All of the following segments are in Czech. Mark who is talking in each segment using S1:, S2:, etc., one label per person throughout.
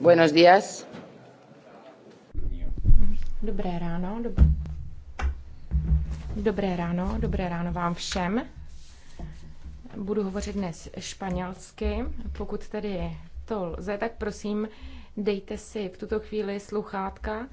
S1: Buenos días. Dobré ráno, dob- dobré ráno, dobré ráno vám všem. Budu hovořit dnes španělsky. Pokud tedy to lze, tak prosím, dejte si v tuto chvíli sluchátka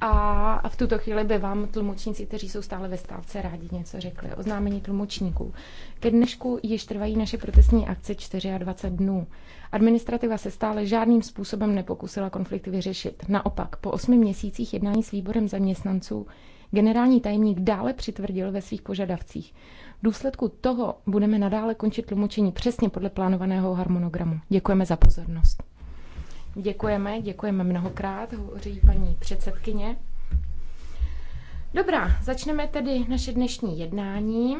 S1: a v tuto chvíli by vám tlumočníci, kteří jsou stále ve stávce, rádi něco řekli. Oznámení tlumočníků. Ke dnešku již trvají naše protestní akce 24 dnů. Administrativa se stále žádným způsobem nepokusila konflikt vyřešit. Naopak, po osmi měsících jednání s výborem zaměstnanců generální tajemník dále přitvrdil ve svých požadavcích. V důsledku toho budeme nadále končit tlumočení přesně podle plánovaného harmonogramu. Děkujeme za pozornost. Děkujeme, děkujeme mnohokrát, hovoří paní předsedkyně. Dobrá, začneme tedy naše dnešní jednání.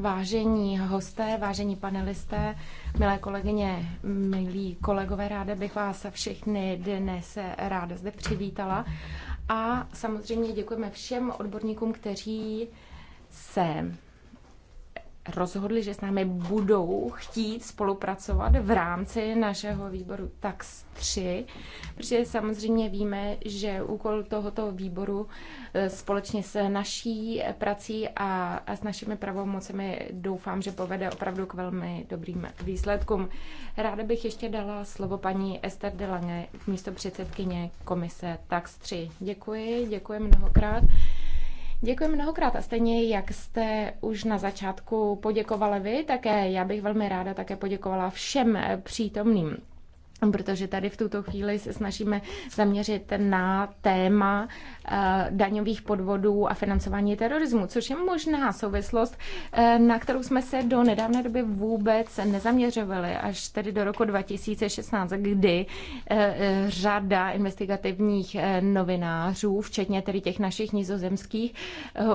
S1: Vážení hosté, vážení panelisté, milé kolegyně, milí kolegové, ráda bych vás všechny dnes ráda zde přivítala. A samozřejmě děkujeme všem odborníkům, kteří se rozhodli, že s námi budou chtít spolupracovat v rámci našeho výboru TAX 3, protože samozřejmě víme, že úkol tohoto výboru eh, společně s naší prací a, a s našimi pravomocemi doufám, že povede opravdu k velmi dobrým výsledkům. Ráda bych ještě dala slovo paní Esther Delange, místo předsedkyně komise TAX 3. Děkuji, děkuji mnohokrát. Děkuji mnohokrát a stejně jak jste už na začátku poděkovali vy, také já bych velmi ráda také poděkovala všem přítomným protože tady v tuto chvíli se snažíme zaměřit na téma eh, daňových podvodů a financování terorismu, což je možná souvislost, eh, na kterou jsme se do nedávné doby vůbec nezaměřovali, až tedy do roku 2016, kdy eh, řada investigativních novinářů, včetně tedy těch našich nizozemských,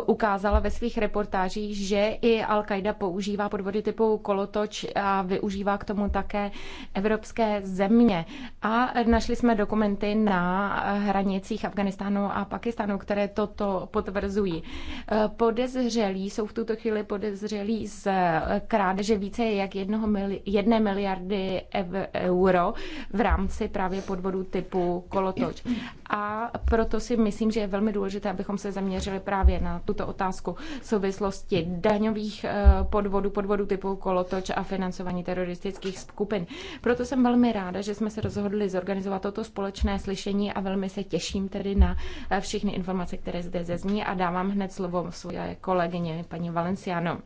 S1: ukázala ve svých reportážích, že i Al-Qaida používá podvody typu kolotoč a využívá k tomu také evropské země země. A našli jsme dokumenty na hranicích Afganistánu a Pakistánu, které toto potvrzují. E, podezřelí jsou v tuto chvíli podezřelí z krádeže více jak jednoho mili, jedné miliardy ev, euro v rámci právě podvodu typu kolotoč. A proto si myslím, že je velmi důležité, abychom se zaměřili právě na tuto otázku v souvislosti daňových e, podvodů, podvodů typu kolotoč a financování teroristických skupin. Proto jsem velmi ráda, že jsme se rozhodli zorganizovat toto společné slyšení a velmi se těším tedy na eh, všechny informace, které zde zezní a dávám hned slovo své kolegyně, paní Valenciano.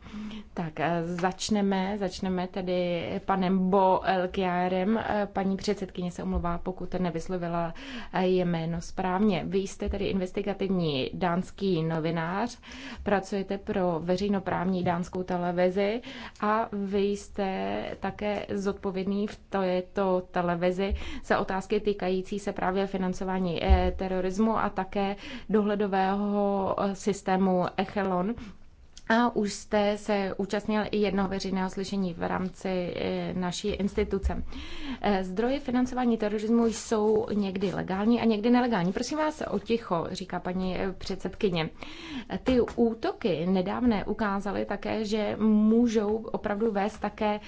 S1: Tak eh, začneme, začneme tedy panem Bo Elkiárem. Eh, paní předsedkyně se omlouvá, pokud nevyslovila je jméno správně. Vy jste tedy investigativní dánský novinář, pracujete pro veřejnoprávní dánskou televizi a vy jste také zodpovědný v této televizi televizi za otázky týkající se právě financování eh, terorismu a také dohledového eh, systému Echelon a už jste se účastnil i jednoho veřejného slyšení v rámci e, naší instituce. E, zdroje financování terorismu jsou někdy legální a někdy nelegální. Prosím vás o ticho, říká paní e, předsedkyně. Ty útoky nedávné ukázaly také, že můžou opravdu vést také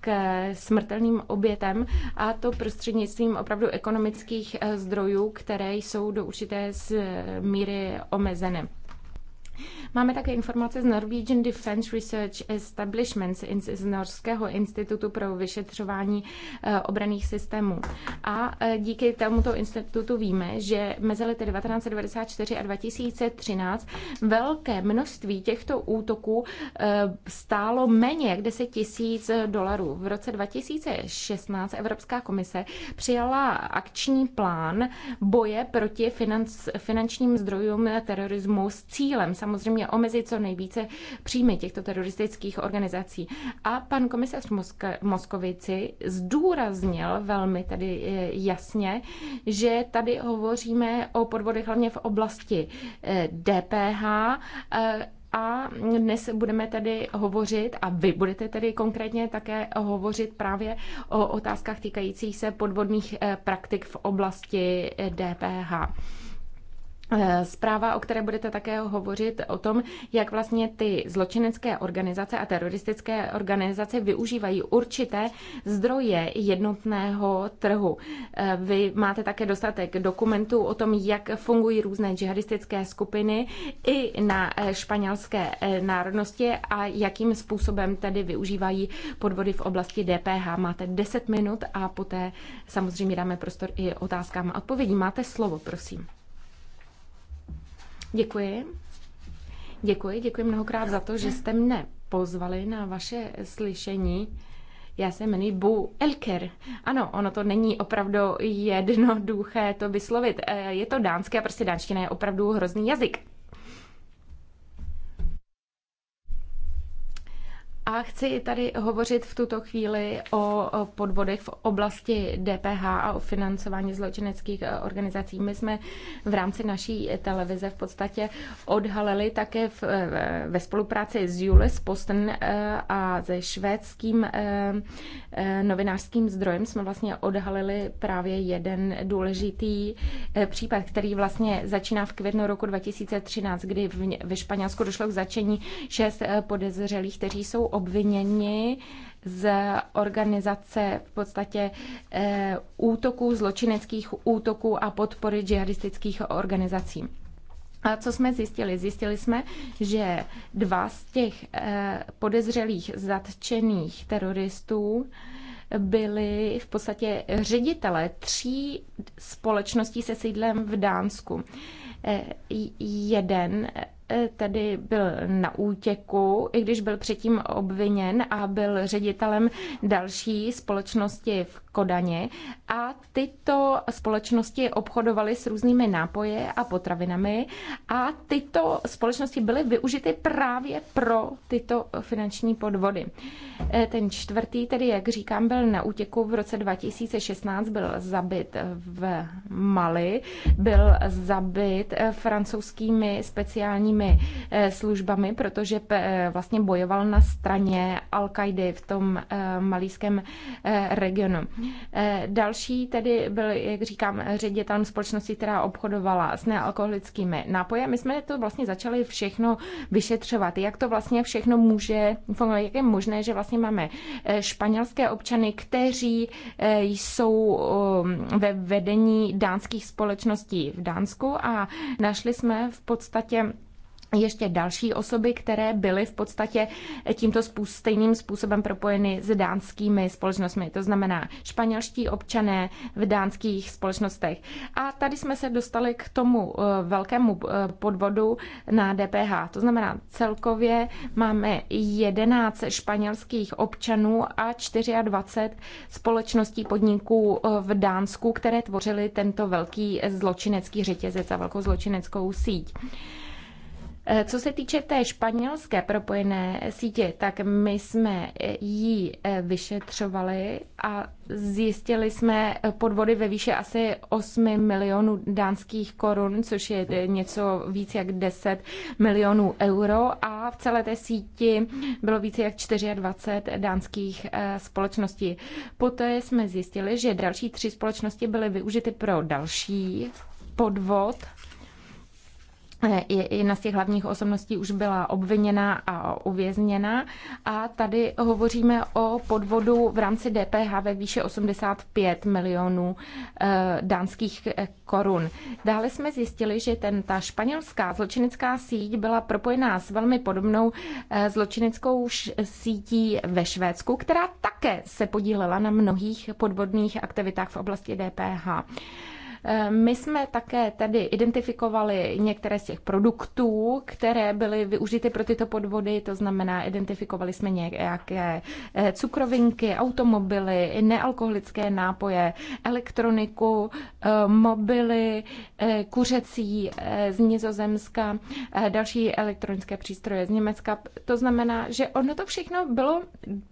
S1: k smrtelným obětem a to prostřednictvím opravdu ekonomických zdrojů, které jsou do určité míry omezeny. Máme také informace z Norwegian Defense Research Establishment z Norského institutu pro vyšetřování eh, obraných systémů. A eh, díky tomuto institutu víme, že mezi lety 1994 a 2013 velké množství těchto útoků eh, stálo méně jak 10 tisíc dolarů. V roce 2016 Evropská komise přijala akční plán boje proti financ, finančním zdrojům terorismu s cílem samozřejmě samozřejmě omezit co nejvíce příjmy těchto teroristických organizací. A pan komisař Mosk- Moskovici zdůraznil velmi tady eh, jasně, že tady hovoříme o podvodech hlavně v oblasti DPH eh, eh, a dnes budeme tedy hovořit a vy budete tedy konkrétně také hovořit právě o otázkách týkajících se podvodných praktik v oblasti DPH. Eh, zpráva, o které budete také hovořit, o tom, jak vlastně ty zločinecké organizace a teroristické organizace využívají určité zdroje jednotného trhu. Eh, vy máte také dostatek dokumentů o tom, jak fungují různé džihadistické skupiny i na eh, španělské národnosti a jakým způsobem tedy využívají podvody v oblasti DPH. Máte 10 minut a poté samozřejmě dáme prostor i otázkám a odpovědím. Máte slovo, prosím. Děkuji. Děkuji, děkuji mnohokrát za to, že jste mne pozvali na vaše slyšení. Já se jmenuji Bu Elker. Ano, ono to není opravdu jednoduché to vyslovit. Eh, je to dánské a prostě dánština je opravdu hrozný jazyk. A chci tady hovořit v tuto chvíli o podvodech v oblasti DPH a o financování zločineckých eh, organizací. My jsme v rámci naší televize v podstatě odhalili také v, eh, ve spolupráci s Jules Posten eh, a se švédským novinářským zdrojem jsme vlastně odhalili právě jeden důležitý případ, který vlastně začíná v květnu roku 2013, kdy ve Španělsku došlo k začení šest podezřelých, kteří jsou obviněni z organizace v podstatě e, útoků, zločineckých útoků a podpory džihadistických organizací. A co jsme zjistili? Zjistili jsme, že dva z těch eh, podezřelých zatčených teroristů byli v podstatě ředitele tří společností se sídlem v Dánsku. Eh, jeden E, tedy byl na útěku, i když byl předtím obviněn a byl ředitelem další společnosti v Kodaně a tyto společnosti obchodovaly s různými nápoje a potravinami a tyto společnosti byly využity právě pro tyto finanční podvody. Eh, ten čtvrtý, tedy jak říkám, byl na útěku v roce 2016, byl zabit v Mali, byl zabit eh, francouzskými speciálními eh, službami, protože vlastně bojoval na straně Al-Kaidy v tom malíském regionu. Eh, další tedy byl, jak říkám, ředitel společnosti, která obchodovala s nealkoholickými nápoji. My jsme to vlastně začali všechno vyšetřovat, jak to vlastně všechno může fungovat, jak je možné, že vlastně máme eh, španělské občany, kteří eh, jsou um, ve vedení dánských společností v Dánsku a našli jsme v podstatě ještě další osoby, které byly v podstatě tímto způsob, stejným způsobem propojeny s dánskými společnostmi, to znamená španělští občané v dánských společnostech. A tady jsme se dostali k tomu eh, velkému eh, podvodu na DPH. To znamená, celkově máme 11 španělských občanů a 24 společností podniků eh, v Dánsku, které tvořily tento velký zločinecký řetězec a velkou zločineckou síť. Eh, co se týče té španělské propojené sítě, tak my jsme eh, ji eh, vyšetřovali a zjistili jsme podvody ve výši asi 8 milionů dánských korun, což je něco víc jak 10 milionů euro a v celé té síti bylo více jak 24 dánských společností. Poté jsme zjistili, že další tři společnosti byly využity pro další podvod Jedna z těch hlavních osobností už byla obviněna a uvězněna a tady hovoříme o podvodu v rámci DPH ve výše 85 milionů eh, dánských eh, korun. Dále jsme zjistili, že ten, ta španělská zločinecká síť byla propojená s velmi podobnou eh, zločineckou sítí ve Švédsku, která také se podílela na mnohých podvodných aktivitách v oblasti DPH. My jsme také tady identifikovali některé z těch produktů, které byly využity pro tyto podvody, to znamená, identifikovali jsme nějaké eh, cukrovinky, automobily, nealkoholické nápoje, elektroniku, eh, mobily, eh, kuřecí z Nizozemska, další elektronické přístroje z Německa. To znamená, že ono to všechno bylo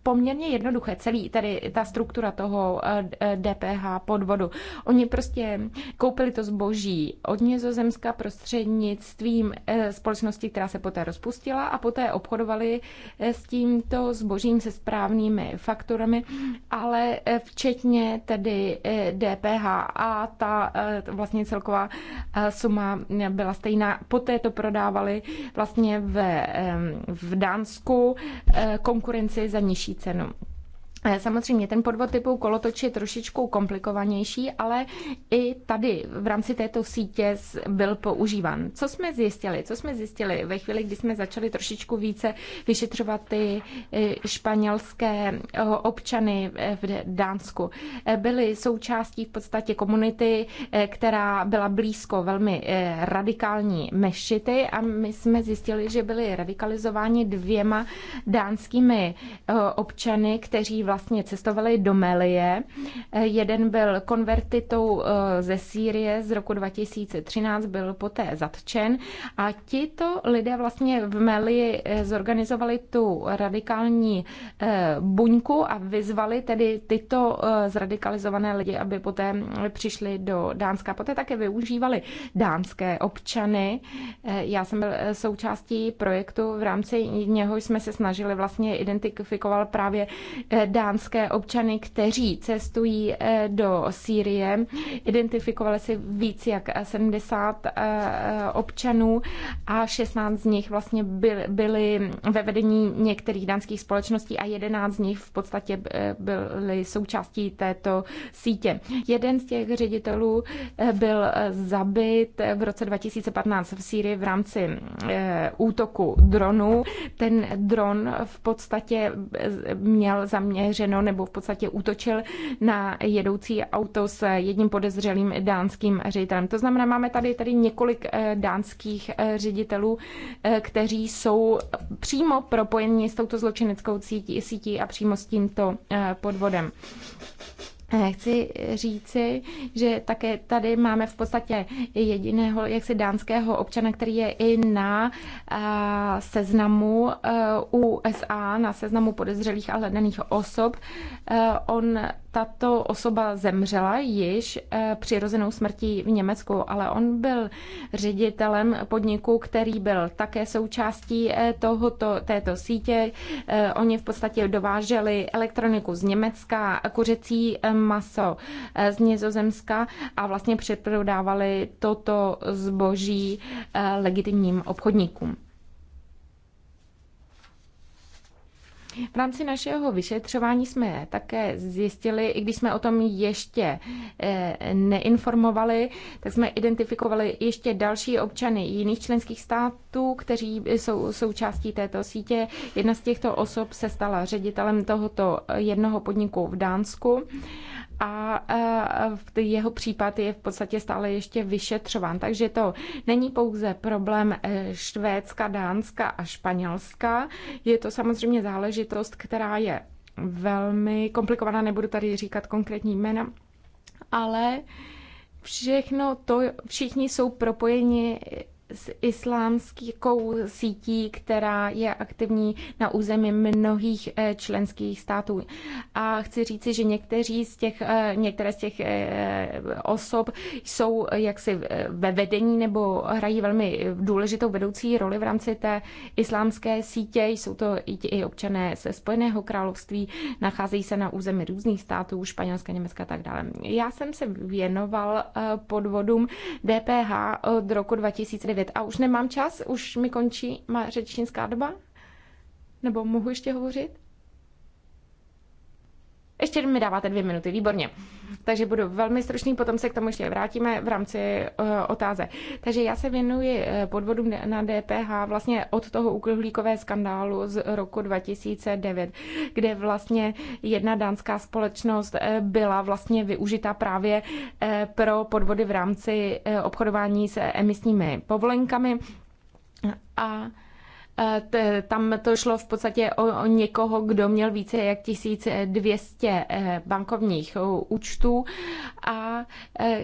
S1: poměrně jednoduché, celý tady ta struktura toho DPH podvodu. Oni prostě koupili to zboží od Nizozemska prostřednictvím eh, společnosti, která se poté rozpustila a poté obchodovali eh, s tímto zbožím se správnými fakturami, ale eh, včetně tedy DPH a ta vlastně celková suma byla stejná. Poté to prodávali vlastně v, v Dánsku konkurenci za nižší cenu. Samozřejmě ten podvod typu kolotoč je trošičku komplikovanější, ale i tady v rámci této sítě byl používán. Co jsme zjistili? Co jsme zjistili ve chvíli, kdy jsme začali trošičku více vyšetřovat ty eh, španělské eh, občany eh, v Dánsku? Byli součástí v podstatě komunity, která byla blízko velmi radikální mešity a my jsme zjistili, že byli radikalizováni dvěma dánskými občany, kteří vlastně vlastně cestovali do Melie. Jeden byl konvertitou eh, ze Sýrie z roku 2013, byl poté zatčen a tito lidé vlastně v Melii eh, zorganizovali tu radikální eh, buňku a vyzvali tedy tyto zradikalizované lidi, aby poté přišli do Dánska. Poté také využívali dánské občany. Já jsem byl součástí projektu, v rámci něho jsme se snažili vlastně identifikovat právě dánské dánské občany, kteří cestují eh, do Sýrie. Identifikovali si víc jak 70 eh, eh, občanů a 16 z nich vlastně byli ve vedení některých dánských společností a 11 z nich v podstatě byli součástí této sítě. Jeden z těch ředitelů byl zabit v roce 2015 v Sýrii v rámci útoku dronu. Ten dron v podstatě měl zaměřit zaměřeno nebo v podstatě útočil na jedoucí auto s jedním podezřelým dánským ředitelem. To znamená, máme tady tady několik eh, dánských eh, ředitelů, eh, kteří jsou přímo propojeni s touto zločineckou sítí a přímo s tímto podvodem. Chci říci, že také tady máme v podstatě jediného jaksi dánského občana, který je i na seznamu e, USA, na seznamu podezřelých a hledaných osob. E, on tato osoba zemřela již eh, přirozenou smrtí v Německu, ale on byl ředitelem podniku, který byl také součástí eh, tohoto, této sítě. Eh, oni v podstatě dováželi elektroniku z Německa, kuřecí maso z Nizozemska a vlastně přeprodávali toto zboží legitimním obchodníkům. V rámci našeho vyšetřování jsme také zjistili, i když jsme o tom ještě eh, neinformovali, tak jsme identifikovali ještě další občany jiných členských států, kteří jsou součástí této sítě. Jedna z těchto osob se stala ředitelem tohoto jednoho podniku v Dánsku a e, v jeho případ je v podstatě stále ještě vyšetřován. Takže to není pouze problém e, Švédska, Dánska a Španělska. Je to samozřejmě záležitost, která je velmi komplikovaná, nebudu tady říkat konkrétní jména, ale všechno to, všichni jsou propojeni s islámskou sítí, která je aktivní na území mnohých eh, členských států. A chci říci, že někteří z těch, eh, některé z těch eh, osob jsou jaksi ve vedení nebo hrají velmi důležitou vedoucí roli v rámci té islámské sítě. Jsou to i občané ze Spojeného království, nacházejí se na území různých států, Španělska, Německa a tak dále. Já jsem se věnoval podvodům DPH od roku 2009 mluvit. A už nemám čas, už mi končí má řečnická doba? Nebo mohu ještě hovořit? Ještě mi dáváte dvě minuty, výborně. Takže budu velmi stručný, potom se k tomu ještě vrátíme v rámci uh, eh, otáze. Takže já se věnuji eh, podvodům na DPH vlastně od toho uhlíkové skandálu z roku 2009, kde vlastně jedna dánská společnost eh, byla vlastně využita právě pro podvody v rámci obchodování se emisními povolenkami. A Eh, tam to šlo v podstatě o, o někoho, kdo měl více jak 1200 eh, bankovních eh, účtů a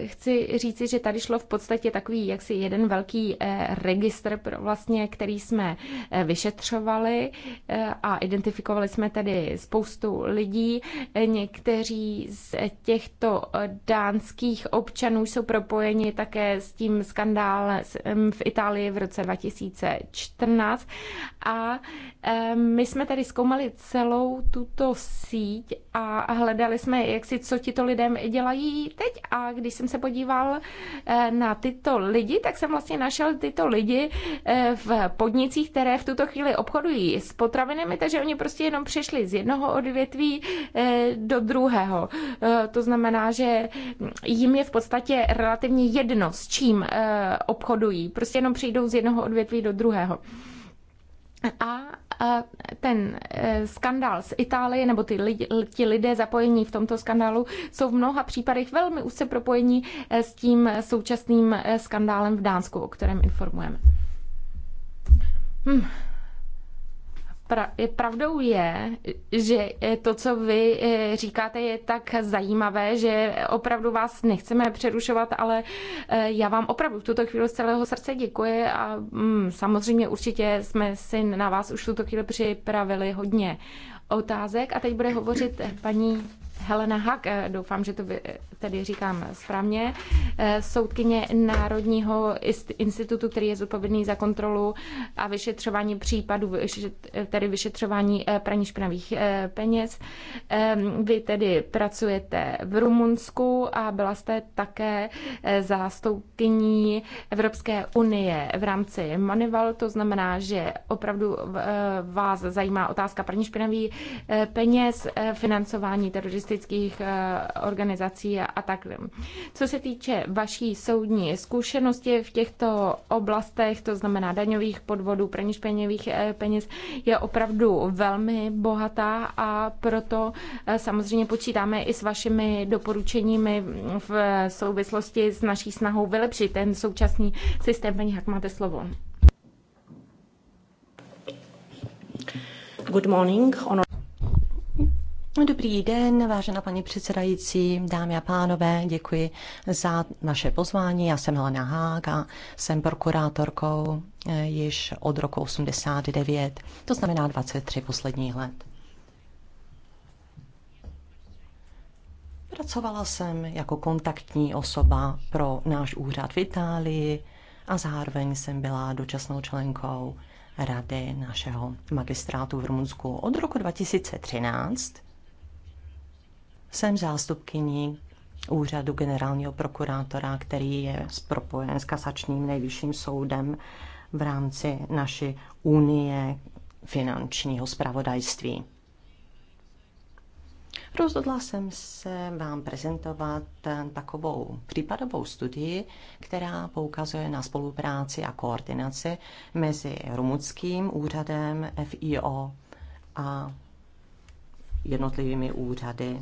S1: chci říci, že tady šlo v podstatě takový jaksi jeden velký registr, vlastně, který jsme vyšetřovali a identifikovali jsme tady spoustu lidí. Někteří z těchto dánských občanů jsou propojeni také s tím skandálem v Itálii v roce 2014 a eh, my jsme tady zkoumali celou tuto síť a hledali jsme, jak si, co to lidem dělají teď. A když jsem se podíval eh, na tyto lidi, tak jsem vlastně našel tyto lidi eh, v podnicích, které v tuto chvíli obchodují s potravinami, takže oni prostě jenom přešli z jednoho odvětví do druhého. To znamená, že jim je v podstatě relativně jedno, s čím obchodují. Prostě jenom přijdou z jednoho odvětví do druhého a ten e, skandál z Itálie, nebo ty lidi, ti lidé zapojení v tomto skandálu jsou v mnoha případech velmi úzce propojení e, s tím současným e, skandálem v Dánsku, o kterém informujeme. Hmm pra, pravdou je, že to, co vy eh, říkáte, je tak zajímavé, že opravdu vás nechceme přerušovat, ale eh, já vám opravdu v tuto chvíli z celého srdce děkuji a mm, samozřejmě určitě jsme si na vás už v tuto chvíli připravili hodně otázek a teď bude hovořit paní Helena Hack, eh, doufám, že to tedy říkám správně, eh, soudkyně Národního institutu, který je zodpovědný za kontrolu a vyšetřování případů, tedy vyšetřování eh, praní špinavých peněz. Vy tedy pracujete v Rumunsku a byla jste také zástupkyní Evropské unie v rámci Manival, to znamená, že opravdu vás zajímá otázka praní špinavých peněz, financování teroristických teroristických eh, organizací a, a tak. Co se týče vaší soudní zkušenosti v těchto oblastech, to znamená daňových podvodů, praní špeněvých eh, peněz, je opravdu velmi bohatá a proto eh, samozřejmě počítáme i s vašimi doporučeními v souvislosti s naší snahou vylepšit ten současný systém. Paní Hak, máte slovo. Good morning. Honor- Dobrý den, vážená paní
S2: předsedající, dámy a pánové, děkuji za vaše pozvání. Já jsem Helena a jsem prokurátorkou eh, již od roku 89, to znamená 23 posledních let. Pracovala jsem jako kontaktní osoba pro náš úřad v Itálii a zároveň jsem byla dočasnou členkou rady našeho magistrátu v Rumunsku od roku 2013 jsem zástupkyní úřadu generálního prokurátora, který je propojen s kasačním nejvyšším soudem v rámci naší unie finančního spravodajství. Rozhodla jsem se vám prezentovat takovou případovou studii, která poukazuje na spolupráci a koordinaci mezi rumunským úřadem FIO a jednotlivými úřady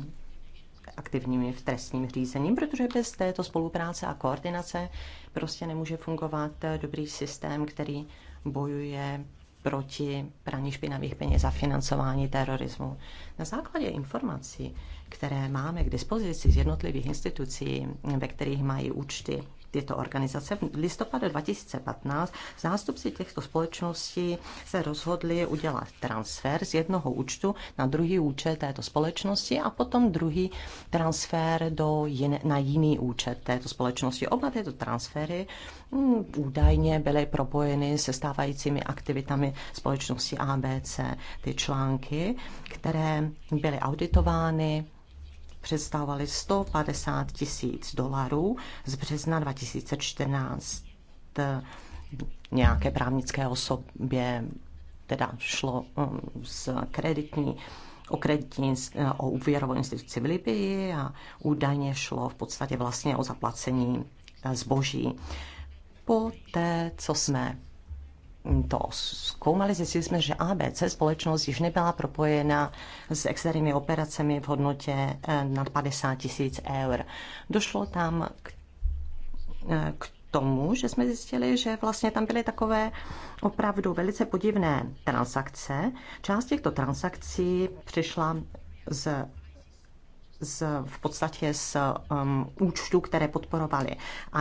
S2: aktivními v trestním řízení, protože bez této spolupráce a koordinace prostě nemůže fungovat dobrý systém, který bojuje proti praní špinavých peněz a financování terorismu. Na základě informací, které máme k dispozici z jednotlivých institucí, ve kterých mají účty tyto organizace. V listopadu 2015 zástupci těchto společností se rozhodli udělat transfer z jednoho účtu na druhý účet této společnosti a potom druhý transfer do jin, na jiný účet této společnosti. Oba tyto transfery mm, údajně byly propojeny se stávajícími aktivitami společnosti ABC. Ty články, které byly auditovány, představovaly 150 tisíc dolarů z března 2014 nějaké právnické osobě, teda šlo um, z kreditní, o kreditní, o úvěrovou instituci v Libii a údajně šlo v podstatě vlastně o zaplacení eh, zboží. Po té, co jsme to zkoumali, zjistili jsme, že ABC společnost již nebyla propojena s externími operacemi v hodnotě eh, nad 50 tisíc eur. Došlo tam k, eh, k tomu, že jsme zjistili, že vlastně tam byly takové opravdu velice podivné transakce. Část těchto transakcí přišla z z, v podstatě z um, účtu, které podporovali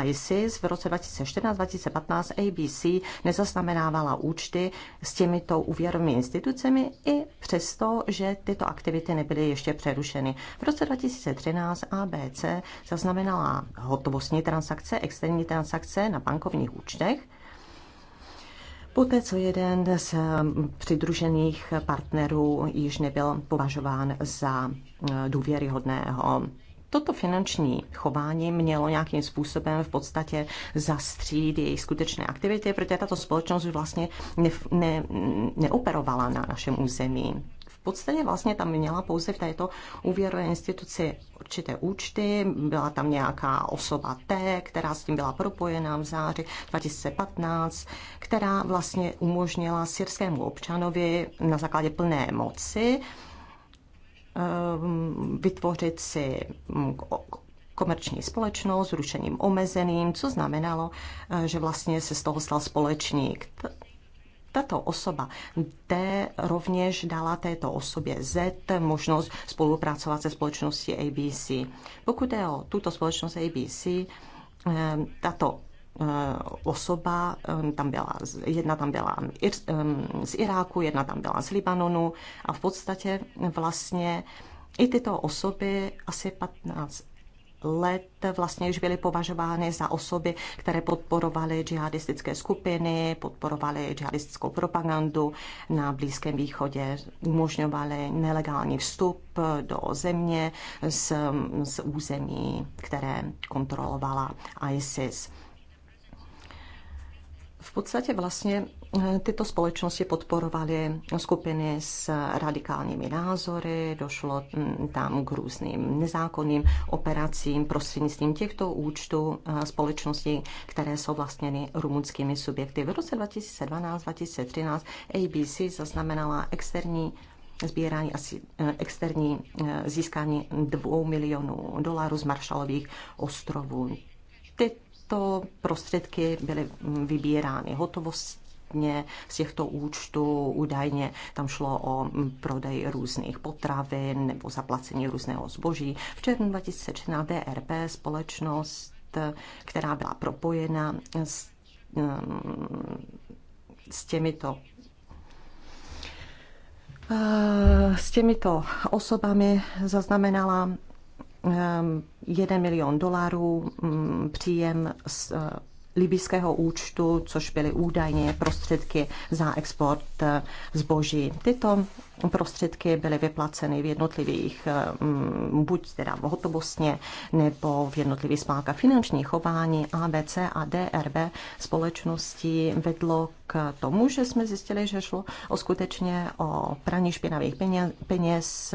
S2: ISIS. V roce 2014-2015 ABC nezaznamenávala účty s těmito úvěrovými institucemi i přesto, že tyto aktivity nebyly ještě přerušeny. V roce 2013 ABC zaznamenala hotovostní transakce, externí transakce na bankovních účtech poté co jeden z eh, přidružených partnerů již nebyl považován za eh, důvěryhodného. Toto finanční chování mělo nějakým způsobem v podstatě zastřít její skutečné aktivity, protože tato společnost už vlastně ne, ne, neoperovala na našem území podstatě vlastně tam měla pouze v této úvěrové instituci určité účty, byla tam nějaká osoba T, která s tím byla propojená v září 2015, která vlastně umožnila syrskému občanovi na základě plné moci ehm, vytvořit si mm, komerční společnost s rušením omezeným, co znamenalo, eh, že vlastně se z toho stal společník tato osoba D rovněž dala této osobě Z možnost spolupracovat se společností ABC. Pokud je o tuto společnost ABC, eh, tato eh, osoba, eh, tam byla, jedna tam byla z Iráku, jedna tam byla z Libanonu a v podstatě vlastně i tyto osoby, asi 15 let vlastně už byly považovány za osoby, které podporovaly džihadistické skupiny, podporovaly džihadistickou propagandu na Blízkém východě, umožňovaly nelegální vstup do země z, z území, které kontrolovala ISIS. V podstatě vlastně tyto společnosti podporovaly skupiny s radikálními názory, došlo mm, tam k různým nezákonným operacím prostřednictvím těchto účtů eh, společností, které jsou vlastněny rumunskými subjekty. V roce 2012-2013 ABC zaznamenala externí sbírání asi eh, externí eh, získání dvou milionů dolarů z Maršalových ostrovů. Tyto prostředky byly mm, vybírány hotovost konkrétně z těchto účtů údajně tam šlo o mm, prodej různých potravin nebo zaplacení různého zboží. V červnu 2013 DRP společnost, která byla propojena s, mm, s těmito eh, s těmito osobami zaznamenala 1 eh, milion dolarů mm, příjem z eh, libyského účtu, což byly údajně prostředky za export eh, zboží. Tyto prostředky byly vyplaceny v jednotlivých, mm, buď teda v hotovostně, nebo v jednotlivých spánkách finanční chování ABC a DRB společnosti vedlo k tomu, že jsme zjistili, že šlo o skutečně o praní špinavých peněz, peněz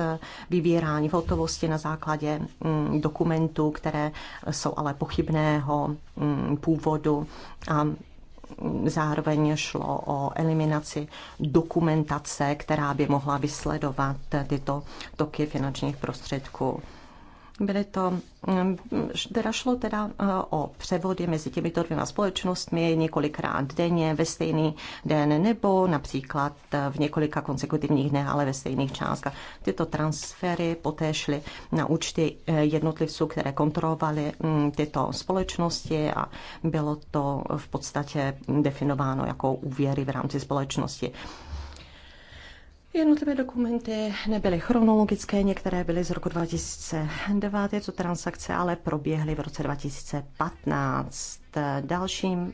S2: vybírání v hotovosti na základě mm, dokumentů, které jsou ale pochybného mm, původu a Zároveň šlo o eliminaci dokumentace, která by mohla vysledovat tyto toky finančních prostředků. Byly to, mm, teda šlo teda e, o převody mezi těmito dvěma společnostmi několikrát denně ve stejný den nebo například e, v několika konsekutivních dnech, ale ve stejných částkách. Tyto transfery poté šly na účty e, jednotlivců, které kontrolovaly mm, tyto společnosti a bylo to v podstatě definováno jako úvěry v rámci společnosti. Jednotlivé dokumenty nebyly chronologické, některé byly z roku 2009, je to transakce, ale proběhly v roce 2015. Dalším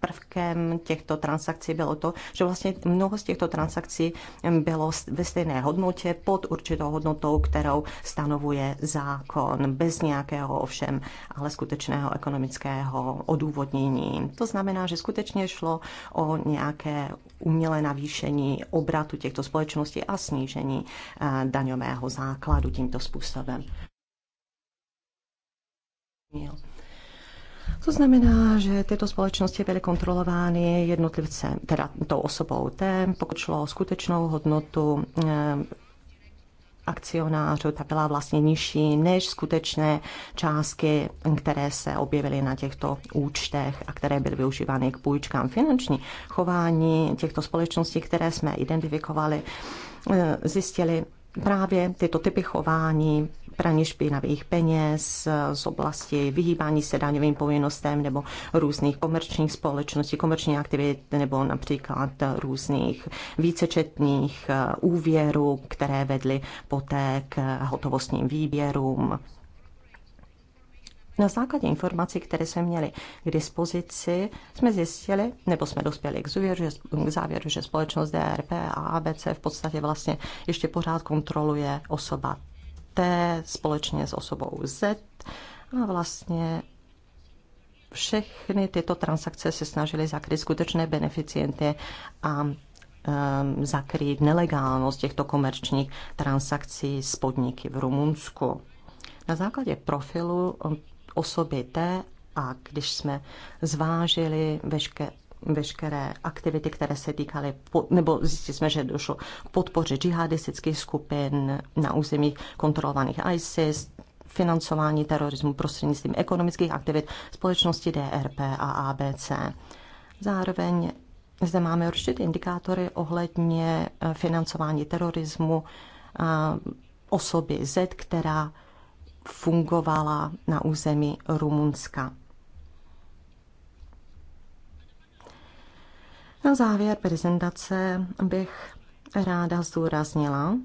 S2: prvkem těchto transakcí bylo to, že vlastně mnoho z těchto transakcí bylo ve stejné hodnotě pod určitou hodnotou, kterou stanovuje zákon, bez nějakého ovšem, ale skutečného ekonomického odůvodnění. To znamená, že skutečně šlo o nějaké umělé navýšení obratu těchto společností a snížení eh, daňového základu tímto způsobem. Yeah. To znamená, že tyto společnosti byly kontrolovány jednotlivcem, teda tou osobou T, pokud šlo o skutečnou hodnotu eh, akcionářů, ta byla vlastně nižší než skutečné částky, které se objevily na těchto účtech a které byly využívány k půjčkám. Finanční chování těchto společností, které jsme identifikovali, eh, zjistili právě tyto typy chování praní špinavých peněz, z oblasti vyhýbání se daňovým povinnostem nebo různých komerčních společností, komerční aktivit nebo například různých vícečetných eh, úvěrů, které vedly poté k hotovostním výběrům. Na základě informací, které jsme měli k dispozici, jsme zjistili, nebo jsme dospěli k závěru, že, k závěru, že společnost DRP a ABC v podstatě vlastně ještě pořád kontroluje osoba T společně s osobou Z a vlastně všechny tyto transakce se snažily zakryt skutečné beneficienty a um, zakrýt nelegálnost těchto komerčních transakcí s podniky v Rumunsku. Na základě profilu um, osoby T a když jsme zvážili veškeré veškeré aktivity, které se týkaly, nebo zjistili jsme, že došlo k podpoře džihadistických skupin na území kontrolovaných ISIS, financování terorismu prostřednictvím ekonomických aktivit společnosti DRP a ABC. Zároveň zde máme určité indikátory ohledně eh, financování terorismu eh, osoby Z, která fungovala na území Rumunska. Na závěr prezentace bych ráda zdůraznila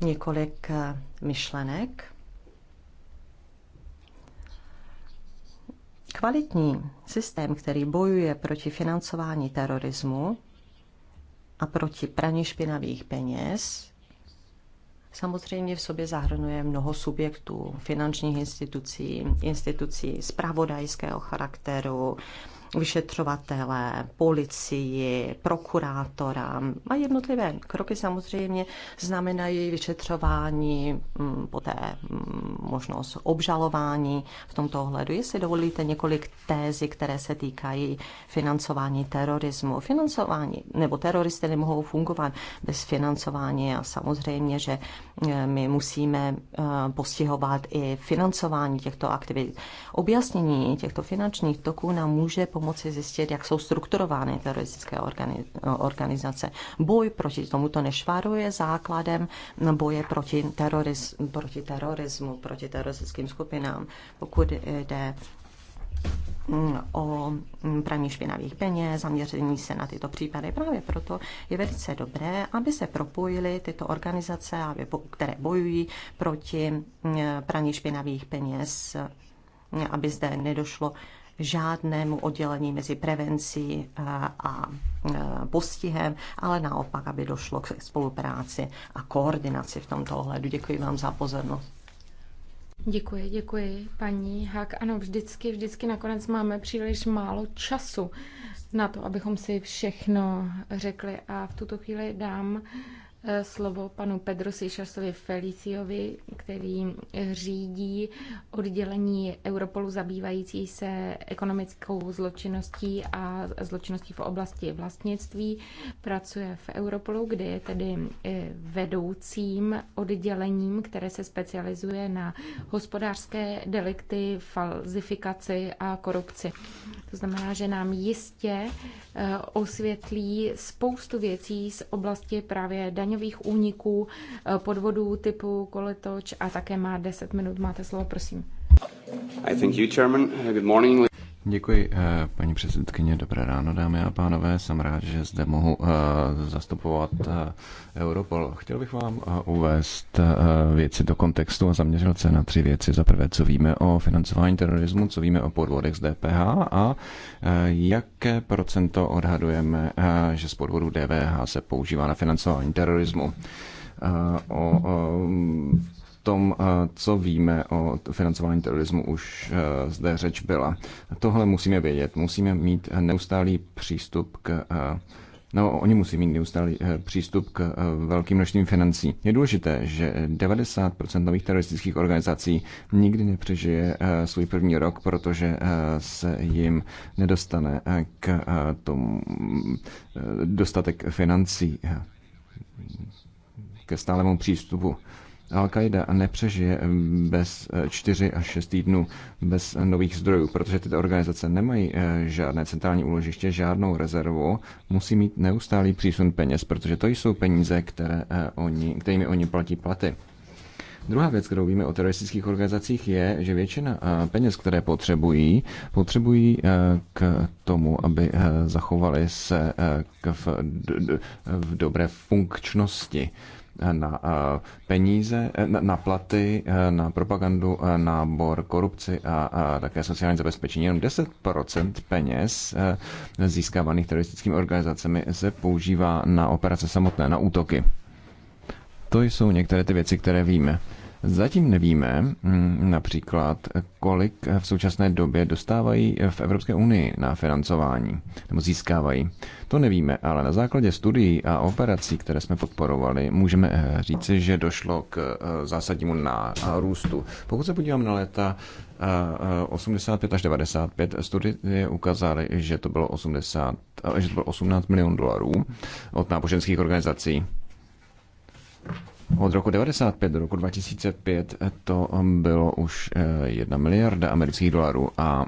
S2: několik myšlenek. Kvalitní systém, který bojuje proti financování terorismu a proti praní špinavých peněz, samozřejmě v sobě zahrnuje mnoho subjektů, finančních institucí, institucí spravodajského charakteru, vyšetřovatele, policii, prokurátora. A jednotlivé kroky samozřejmě znamenají vyšetřování, mm, poté mm, možnost obžalování v tomto ohledu. Jestli dovolíte několik tézy, které se týkají financování terorismu. Financování nebo teroristy nemohou fungovat bez financování a samozřejmě, že e, my musíme e, postihovat i financování těchto aktivit. Objasnění těchto finančních toků nám může pomoci zjistit, jak jsou strukturovány teroristické organizace. Boj proti tomuto nešvaru je základem boje proti, teroriz, proti terorismu, proti teroristickým skupinám. Pokud jde mm, o mm, praní špinavých peněz, zaměření se na tyto případy. Právě proto je velice dobré, aby se propojily tyto organizace, aby, které bojují proti mm, praní špinavých peněz, aby zde nedošlo žádnému oddělení mezi prevencí eh, a eh, postihem, ale naopak, aby došlo k spolupráci a koordinaci v tomto ohledu. Děkuji vám za pozornost.
S1: Děkuji, děkuji, paní Hak. Ano, vždycky, vždycky nakonec máme příliš málo času na to, abychom si všechno řekli. A v tuto chvíli dám Eh, slovo panu Pedro Sišasovi Feliciovi, který eh, řídí oddělení Europolu zabývající se ekonomickou zločinností a zločinností v oblasti vlastnictví. Pracuje v Europolu, kde je tedy eh, vedoucím oddělením, které se specializuje na hospodářské delikty, falzifikaci a korupci. To znamená, že nám jistě osvětlí spoustu věcí z oblasti právě daní daňových úniků, eh, podvodů typu koletoč a také má 10 minut. Máte slovo, prosím. I thank you,
S2: Chairman.
S3: Good morning. Děkuji, eh, paní předsedkyně. Dobré ráno, dámy a pánové. Jsem rád, že zde mohu eh, zastupovat eh, Europol. Chtěl bych vám uvést věci do kontextu a zaměřil se na tři věci. Za prvé, co víme o financování terorismu, co víme o podvodech z DPH a jaké procento odhadujeme, že z podvodu DVH se používá na financování terorismu. O tom, eh, co víme o financování terorismu, už eh, zde řeč byla. Tohle musíme vědět. Musíme mít neustálý přístup k eh, No, oni musí mít neustálý přístup k velkým množstvím financí. Je důležité, že 90% nových teroristických organizací nikdy nepřežije svůj první rok, protože se jim nedostane k tomu dostatek financí ke stálemu přístupu. Al-Qaida nepřežije bez 4 až 6 týdnů bez nových zdrojů, protože tyto organizace nemají eh, žádné centrální úložiště, žádnou rezervu, musí mít neustálý přísun peněz, protože to jsou peníze, které eh, oni, kterými oni platí platy. Druhá věc, kterou víme o teroristických organizacích, je, že většina eh, peněz, které potřebují, potřebují k tomu, aby zachovali se v dobré funkčnosti na eh, peníze, eh, na platy, eh, na propagandu, na bor korupci a také sociální zabezpečení. Jenom 10% peněz získávaných teroristickými organizacemi se používá na operace samotné, na útoky. To jsou některé ty věci, které víme. Zatím nevíme mm, například, kolik v současné době dostávají v Evropské unii na financování nebo získávají. To nevíme, ale na základě studií a operací, které jsme podporovali, můžeme eh, říci, že došlo k eh, zásadnímu nárůstu. Pokud se podívám na léta 85 eh, až 95, studie ukázaly, že to bylo 80, že to bylo 18 milionů dolarů od náboženských organizací od roku 95 do roku 2005 to um, bylo už 1 eh, miliarda amerických dolarů a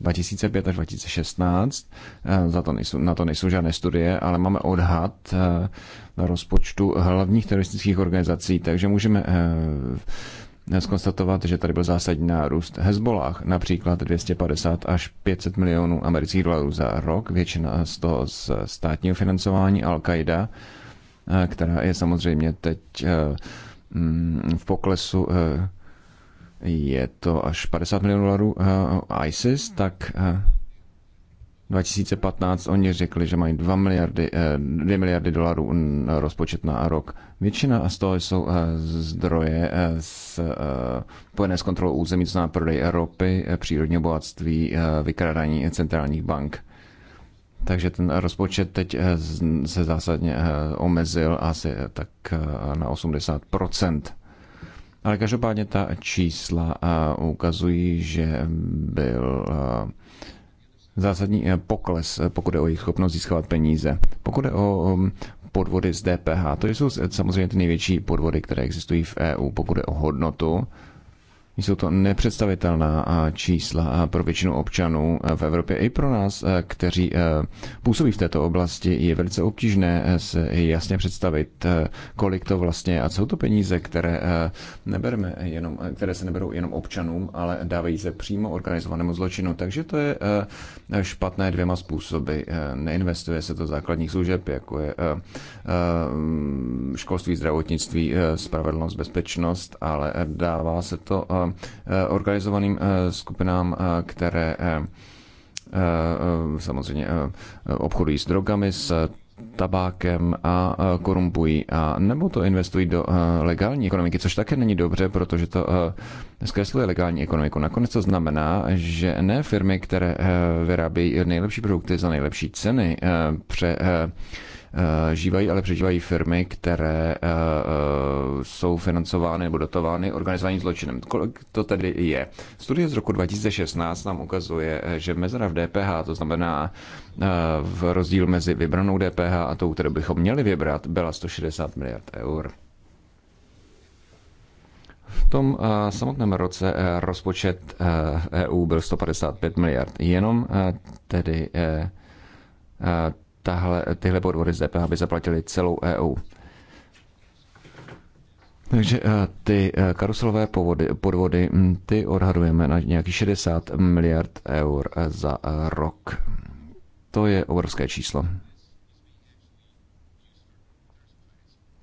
S3: 2005 mm, až 2016, eh, za to nejsou, na to nejsou žádné studie, ale máme odhad na eh, rozpočtu hlavních teroristických organizací, takže můžeme skonstatovat, že tady byl zásadní nárůst Hezbollah, například 250 až 500 milionů amerických dolarů za rok, většina z toho z státního financování Al-Qaida, Eh, která je samozřejmě teď eh, mm, v poklesu eh, je to až 50 milionů dolarů ISIS, tak 2015 oni řekli, že mají 2 miliardy, 2 miliardy dolarů rozpočet na rok. Většina z toho jsou zdroje z, pojené s kontrolou území, co prodej ropy, přírodního bohatství, vykradání centrálních bank. Takže ten rozpočet teď eh, se zásadně eh, omezil asi eh, tak na 80%. Ale každopádně ta čísla ukazují, že byl zásadní pokles, pokud je o jejich schopnost získávat peníze. Pokud je o um, podvody z DPH, to jsou samozřejmě ty největší podvody, které existují v EU, pokud je o hodnotu, jsou to nepředstavitelná čísla pro většinu občanů e, v Evropě. I pro nás, e, kteří e, působí v této oblasti, je velice obtížné se jasně představit, kolik to vlastně A jsou to peníze, které, nebereme jenom, které se neberou jenom občanům, ale dávají se přímo organizovanému zločinu. Takže to je špatné dvěma způsoby. Neinvestuje se do základních služeb, jako je školství, zdravotnictví, spravedlnost, bezpečnost, ale dává se to Eh, organizovaným eh, skupinám, eh, které samozřejmě obchodují s drogami, s tabákem a korumpují, a nebo to investují do legální ekonomiky, což také není dobře, protože to zkresluje legální ekonomiku. Nakonec to znamená, že ne firmy, které vyrábí nejlepší produkty za nejlepší ceny, pře Eh, žívají, ale přežívají firmy, které eh, eh, jsou financovány nebo dotovány organizovaným zločinem. Kolik to tedy je? Studie z roku 2016 nám ukazuje, že mezera v DPH, to znamená v rozdíl mezi vybranou DPH a tou, kterou bychom měli vybrat, byla 160 miliard eur. V tom samotném roce rozpočet EU e byl 155 miliard. Jenom tedy tahle, tyhle podvody z DPH by zaplatili celou EU. Takže eh, ty eh, karuselové povody, podvody, hm, ty odhadujeme na nějakých 60 miliard eur eh, za rok. To je obrovské číslo.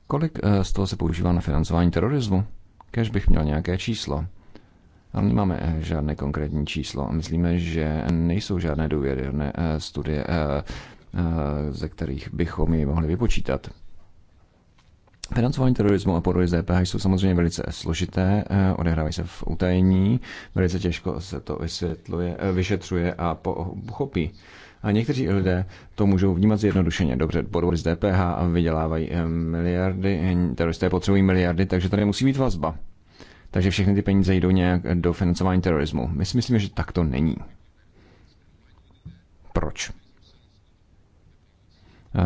S3: Kolik z toho se používá na financování terorismu? Kež bych měl nějaké číslo. Ale nemáme žádné konkrétní číslo. Myslíme, že nejsou žádné důvěryhodné studie Eh, ze kterých bychom ji mohli vypočítat. Financování terorismu a podvody DPH jsou samozřejmě velice složité, eh, odehrávají se v utajení, velice těžko se to vysvětluje, eh, vyšetřuje a pochopí. A někteří lidé to můžou vnímat zjednodušeně. Dobře, podvody z DPH a vydělávají miliardy, teroristé potřebují miliardy, takže tady musí být vazba. Takže všechny ty peníze jdou nějak do financování terorismu. My si myslíme, že tak to není. Proč? Eh,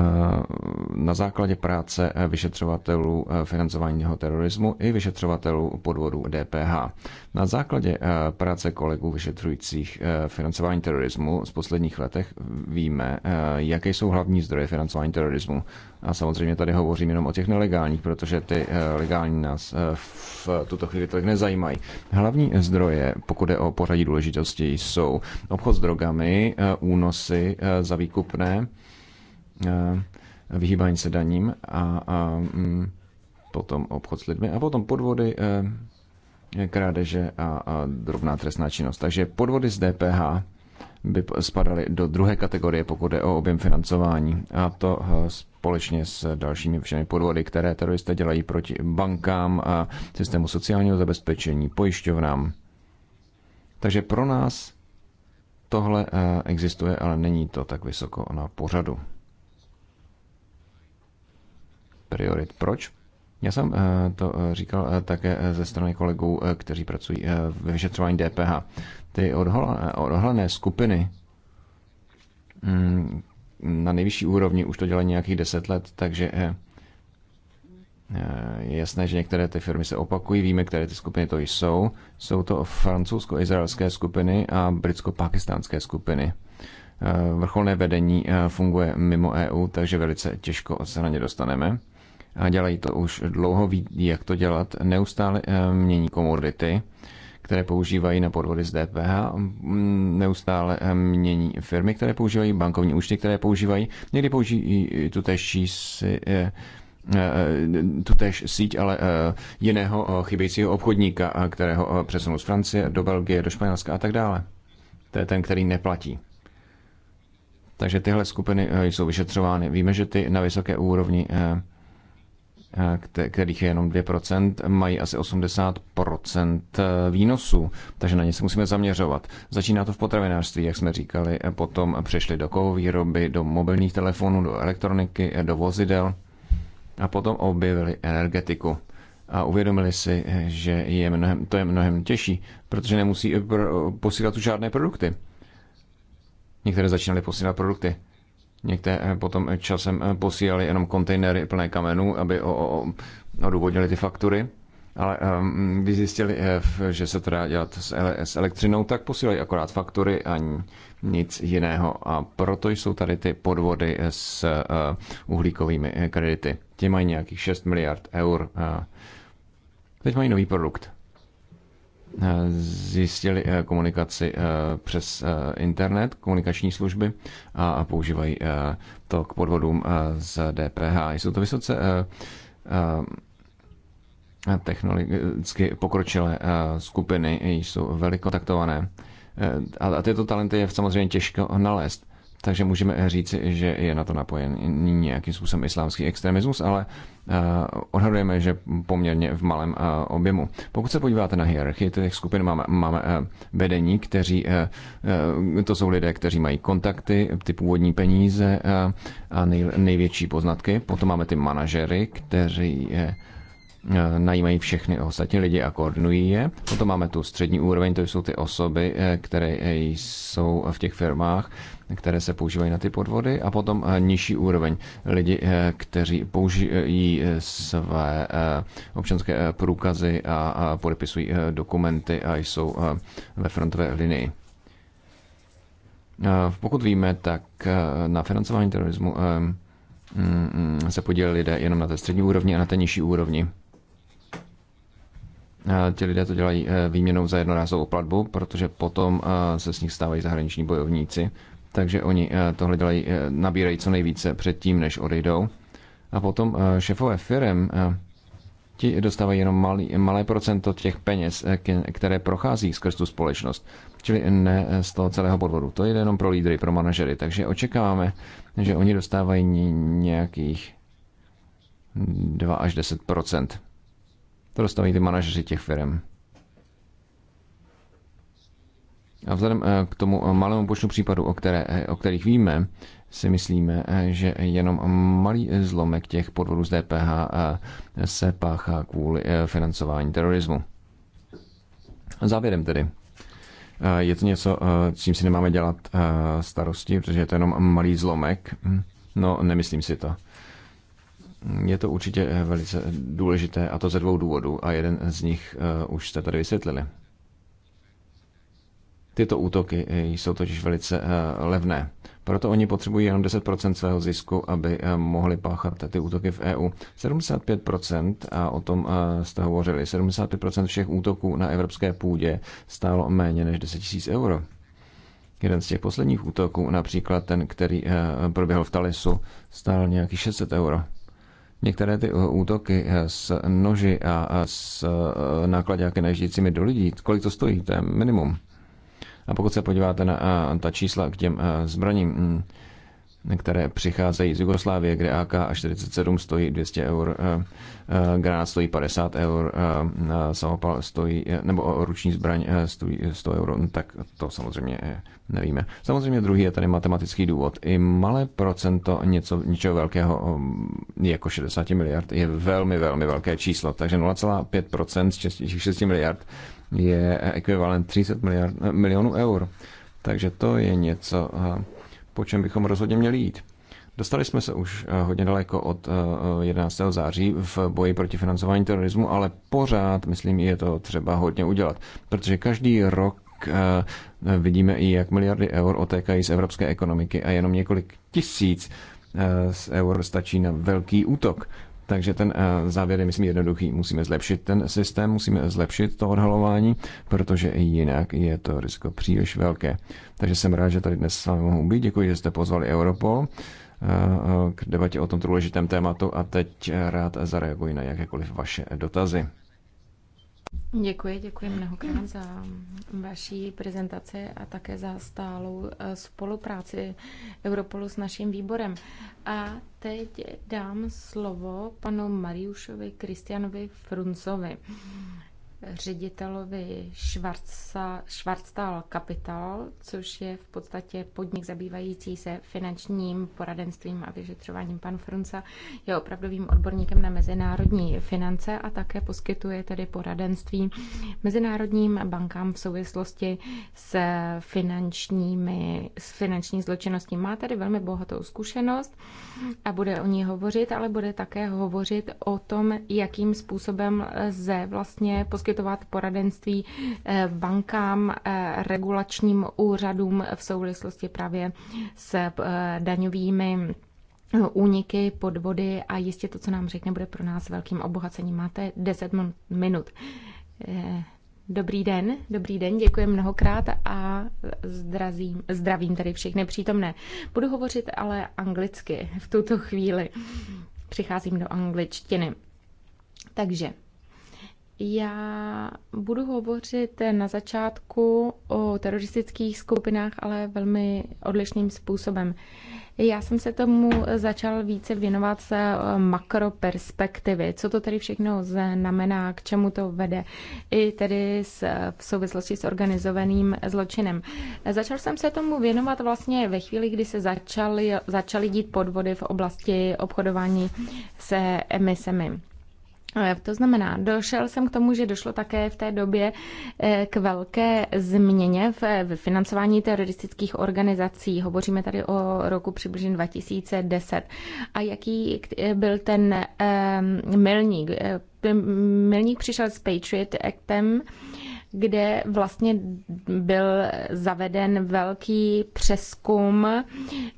S3: na základě práce eh, vyšetřovatelů eh, financovaního terorismu i vyšetřovatelů podvodu DPH. Na základě práce kolegů vyšetřujících financování terorismu z posledních letech víme, jaké jsou hlavní zdroje financování terorismu. A samozřejmě tady hovořím jenom o těch nelegálních, protože ty legální nás v tuto chvíli tolik nezajímají. Hlavní zdroje, pokud je o pořadí důležitosti, jsou obchod s drogami, únosy za výkupné, Eh, vyhýbání se daním a, a mm, potom obchod s lidmi a potom podvody, eh, krádeže a, a drobná trestná činnost. Takže podvody z DPH by spadaly do druhé kategorie, pokud je o objem financování. A to eh, společně s dalšími všemi podvody, které teroristé dělají proti bankám a systému sociálního zabezpečení, pojišťovnám. Takže pro nás tohle existuje, ale není to tak vysoko na pořadu priorit. Proč? Já jsem eh, to eh, říkal eh, také ze strany kolegů, kteří pracují ve vyšetřování DPH. Ty odhalené skupiny mm, na nejvyšší úrovni už to dělají nějakých deset let, takže je jasné, že některé ty firmy se opakují, víme, které ty skupiny to jsou. Jsou to francouzsko-izraelské skupiny a britsko-pakistánské skupiny. Vrcholné vedení funguje mimo EU, takže velice těžko se na ně dostaneme a dělají to už dlouho, ví, jak to dělat, neustále eh, mění komodity, které používají na podvody z DPH, mm, neustále eh, mění firmy, které používají, bankovní účty, které používají, někdy použijí tutéž si eh, tež síť, ale jiného chybějícího obchodníka, kterého přesunul z Francie do Belgie, do Španělska a tak dále. To je ten, který neplatí. Takže tyhle skupiny jsou vyšetřovány. Víme, že ty na vysoké úrovni Eh, kterých je jenom 2%, mají asi 80% eh, výnosů, takže na ně se musíme zaměřovat. Začíná to v potravinářství, jak jsme říkali, eh, potom přešli do kovovýroby, do mobilních telefonů, do elektroniky, do vozidel a potom objevili energetiku a uvědomili si, že je mnohem, to je mnohem těžší, protože nemusí posílat už žádné produkty. Některé začínaly posílat produkty. Někteří eh, potom eh, časem eh, posílali jenom kontejnery plné kamenů, aby o, o, odůvodnili ty faktury. Ale um, když zjistili, že se to dá dělat s, s elektřinou, tak posílají akorát faktury a nic jiného. A proto jsou tady ty podvody s uh, uhlíkovými kredity. Ti mají nějakých 6 miliard eur. Uh, teď mají nový produkt. Eh, zjistili eh, komunikaci eh, přes internet, komunikační služby a používají to k podvodům z DPH. Jsou to vysoce technologicky pokročilé skupiny, jsou velikotaktované. A tyto talenty je samozřejmě těžko nalézt takže můžeme říci, že je na to napojen nějakým způsobem islámský extremismus, ale eh, odhadujeme, že poměrně v malém eh, objemu. Pokud se podíváte na hierarchii těch skupin, máme, máme eh, vedení, kteří, to jsou lidé, kteří mají kontakty, ty původní peníze a nej, největší poznatky. Potom máme ty manažery, kteří najímají všechny ostatní lidi a koordinují je. Potom máme tu střední úroveň, to jsou ty osoby, které jsou v těch firmách, které se používají na ty podvody a potom eh, nižší úroveň lidi, eh, kteří použijí eh, své občanské průkazy a podepisují dokumenty a jsou ve frontové linii. Pokud víme, tak na financování terorismu mm, mm, se podíleli lidé jenom na té střední úrovni a na té nižší úrovni. Ti lidé to dělají výměnou za jednorázovou platbu, protože potom se z nich stávají zahraniční bojovníci takže oni eh, tohle dělají, eh, nabírají co nejvíce předtím, než odejdou. A potom eh, šefové firm ti dostávají jenom malý, malé procento těch peněz, které prochází skrz tu společnost, čili ne z toho celého podvodu. To je jenom pro lídry, pro manažery, takže očekáváme, že oni dostávají nějakých 2 až 10 To dostávají ty manažeři těch firm. A vzhledem eh, k tomu eh, malému počtu případů, o, které, eh, o kterých víme, si myslíme, že jenom malý zlomek těch podvodů z DPH se páchá kvůli financování terorismu. Závěrem tedy. Je to něco, s čím si nemáme dělat starosti, protože je to jenom malý zlomek. No, nemyslím si to. Je to určitě velice důležité a to ze dvou důvodů a jeden z nich už jste tady vysvětlili. Tyto útoky eh, jsou totiž velice eh, levné. Proto oni potřebují jenom 10% svého zisku, aby eh, mohli páchat ty útoky v EU. 75%, a o tom jste hovořili, 75% všech útoků na evropské půdě stálo méně než 10 000 euro. Jeden z těch posledních útoků, například ten, který proběhl v Talisu, stál nějakých 600 euro. Některé ty útoky s noži a s nákladňáky nežícími do lidí, kolik to stojí, to je minimum. A pokud se podíváte na ta čísla k těm zbraním, mm, které přicházejí z Jugoslávie, kde AK-47 stojí 200 eur, granát stojí 50 eur, samopal stojí, e, nebo ruční zbraň e, stojí 100 eur, no, tak to samozřejmě e, nevíme. Samozřejmě druhý je tady matematický důvod. I malé procento něco, něčeho velkého, jako 60 miliard, je velmi, velmi velké číslo, takže 0,5% z 6 miliard je ekvivalent 300 miliard, milionů eur. Takže to je něco, eh, po čem bychom rozhodně měli jít. Dostali jsme se už eh, hodně daleko od 11. Eh, září v boji proti financování terorismu, ale pořád, myslím, je to třeba hodně udělat, protože každý rok vidíme i, jak miliardy eur otékají z evropské ekonomiky a jenom několik tisíc z eur stačí na velký útok. Takže ten eh, závěr je, myslím, jednoduchý. Musíme zlepšit ten systém, musíme zlepšit to odhalování, protože jinak je to riziko příliš velké. Takže jsem rád, že tady dnes s vámi mohu být. Děkuji, že jste pozvali Europol eh, eh, k debatě o tom důležitém tématu a teď rád zareaguji na jakékoliv vaše dotazy.
S1: Děkuji, děkuji mnohokrát za vaší prezentaci a také za stálou eh, spolupráci Europolu s naším výborem. A teď dám slovo panu Mariušovi Kristianovi Fruncovi ředitelovi Schwarztal Capital, což je v podstatě podnik zabývající se finančním poradenstvím a vyšetřováním. Pan Frunza je opravdovým odborníkem na mezinárodní finance a také poskytuje tedy poradenství mezinárodním bankám v souvislosti s, finančními, s finanční zločinností. Má tedy velmi bohatou zkušenost a bude o ní hovořit, ale bude také hovořit o tom, jakým způsobem lze vlastně poskytovat poskytovat poradenství eh, bankám, eh, regulačním úřadům v souvislosti právě s eh, daňovými úniky, podvody a jistě to, co nám řekne, bude pro nás velkým obohacením. Máte 10 minut. Dobrý den, dobrý den, děkuji mnohokrát a zdrazím, zdravím tady všechny přítomné. Budu hovořit ale anglicky v tuto chvíli. Přicházím do angličtiny. Takže já budu hovořit na začátku o teroristických skupinách, ale velmi odlišným způsobem. Já jsem se tomu začal více věnovat z eh, makroperspektivy. Co to tedy všechno znamená, k čemu to vede, i tedy s, v souvislosti s organizovaným zločinem. Začal jsem se tomu věnovat vlastně ve chvíli, kdy se začaly, začaly dít podvody v oblasti obchodování se emisemi. Eh, to znamená, došel jsem k tomu, že došlo také v té době eh, k velké změně eh, v financování teroristických organizací. Hovoříme tady o roku přibližně 2010. A jaký byl ten milník? Milník přišel s Patriot Actem, kde vlastně byl zaveden velký přeskum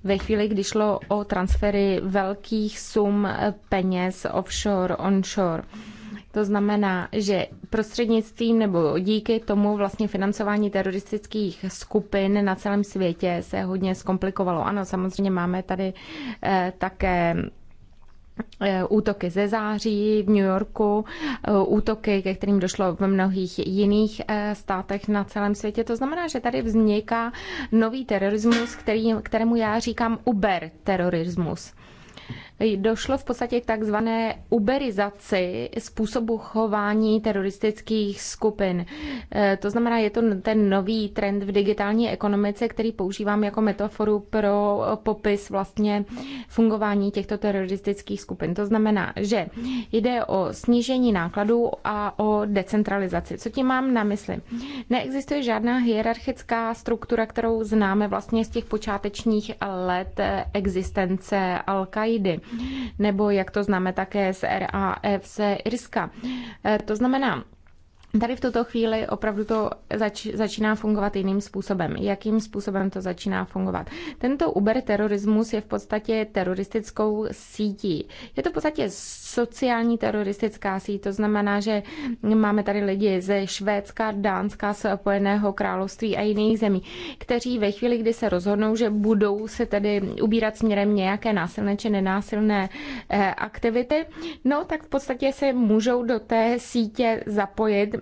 S1: ve chvíli, kdy šlo o transfery velkých sum peněz offshore, onshore. To znamená, že prostřednictvím nebo díky tomu vlastně financování teroristických skupin na celém světě se hodně zkomplikovalo. Ano, samozřejmě máme tady eh, také Eh, útoky ze září v New Yorku, eh, útoky, ke kterým došlo v mnohých jiných eh, státech na celém světě. To znamená, že tady vzniká nový terorismus, který, kterému já říkám Uber terorismus došlo v podstatě k takzvané uberizaci způsobu chování teroristických skupin. E, to znamená, je to ten nový trend v digitální ekonomice, který používám jako metaforu pro popis vlastně fungování těchto teroristických skupin. To znamená, že jde o snížení nákladů a o decentralizaci. Co tím mám na mysli? Neexistuje žádná hierarchická struktura, kterou známe vlastně z těch počátečních let e, existence Al-Kaidy nebo jak to známe také z RAF se Irska. Eh, to znamená, Tady v tuto chvíli opravdu to zač, začíná fungovat jiným způsobem. Jakým způsobem to začíná fungovat? Tento Uber terorismus je v podstatě teroristickou sítí. Je to v podstatě sociální teroristická síť, to znamená, že máme tady lidi ze Švédska, Dánska, Spojeného království a jiných zemí, kteří ve chvíli, kdy se rozhodnou, že budou se tedy ubírat směrem nějaké násilné či nenásilné eh, aktivity, no tak v podstatě se můžou do té sítě zapojit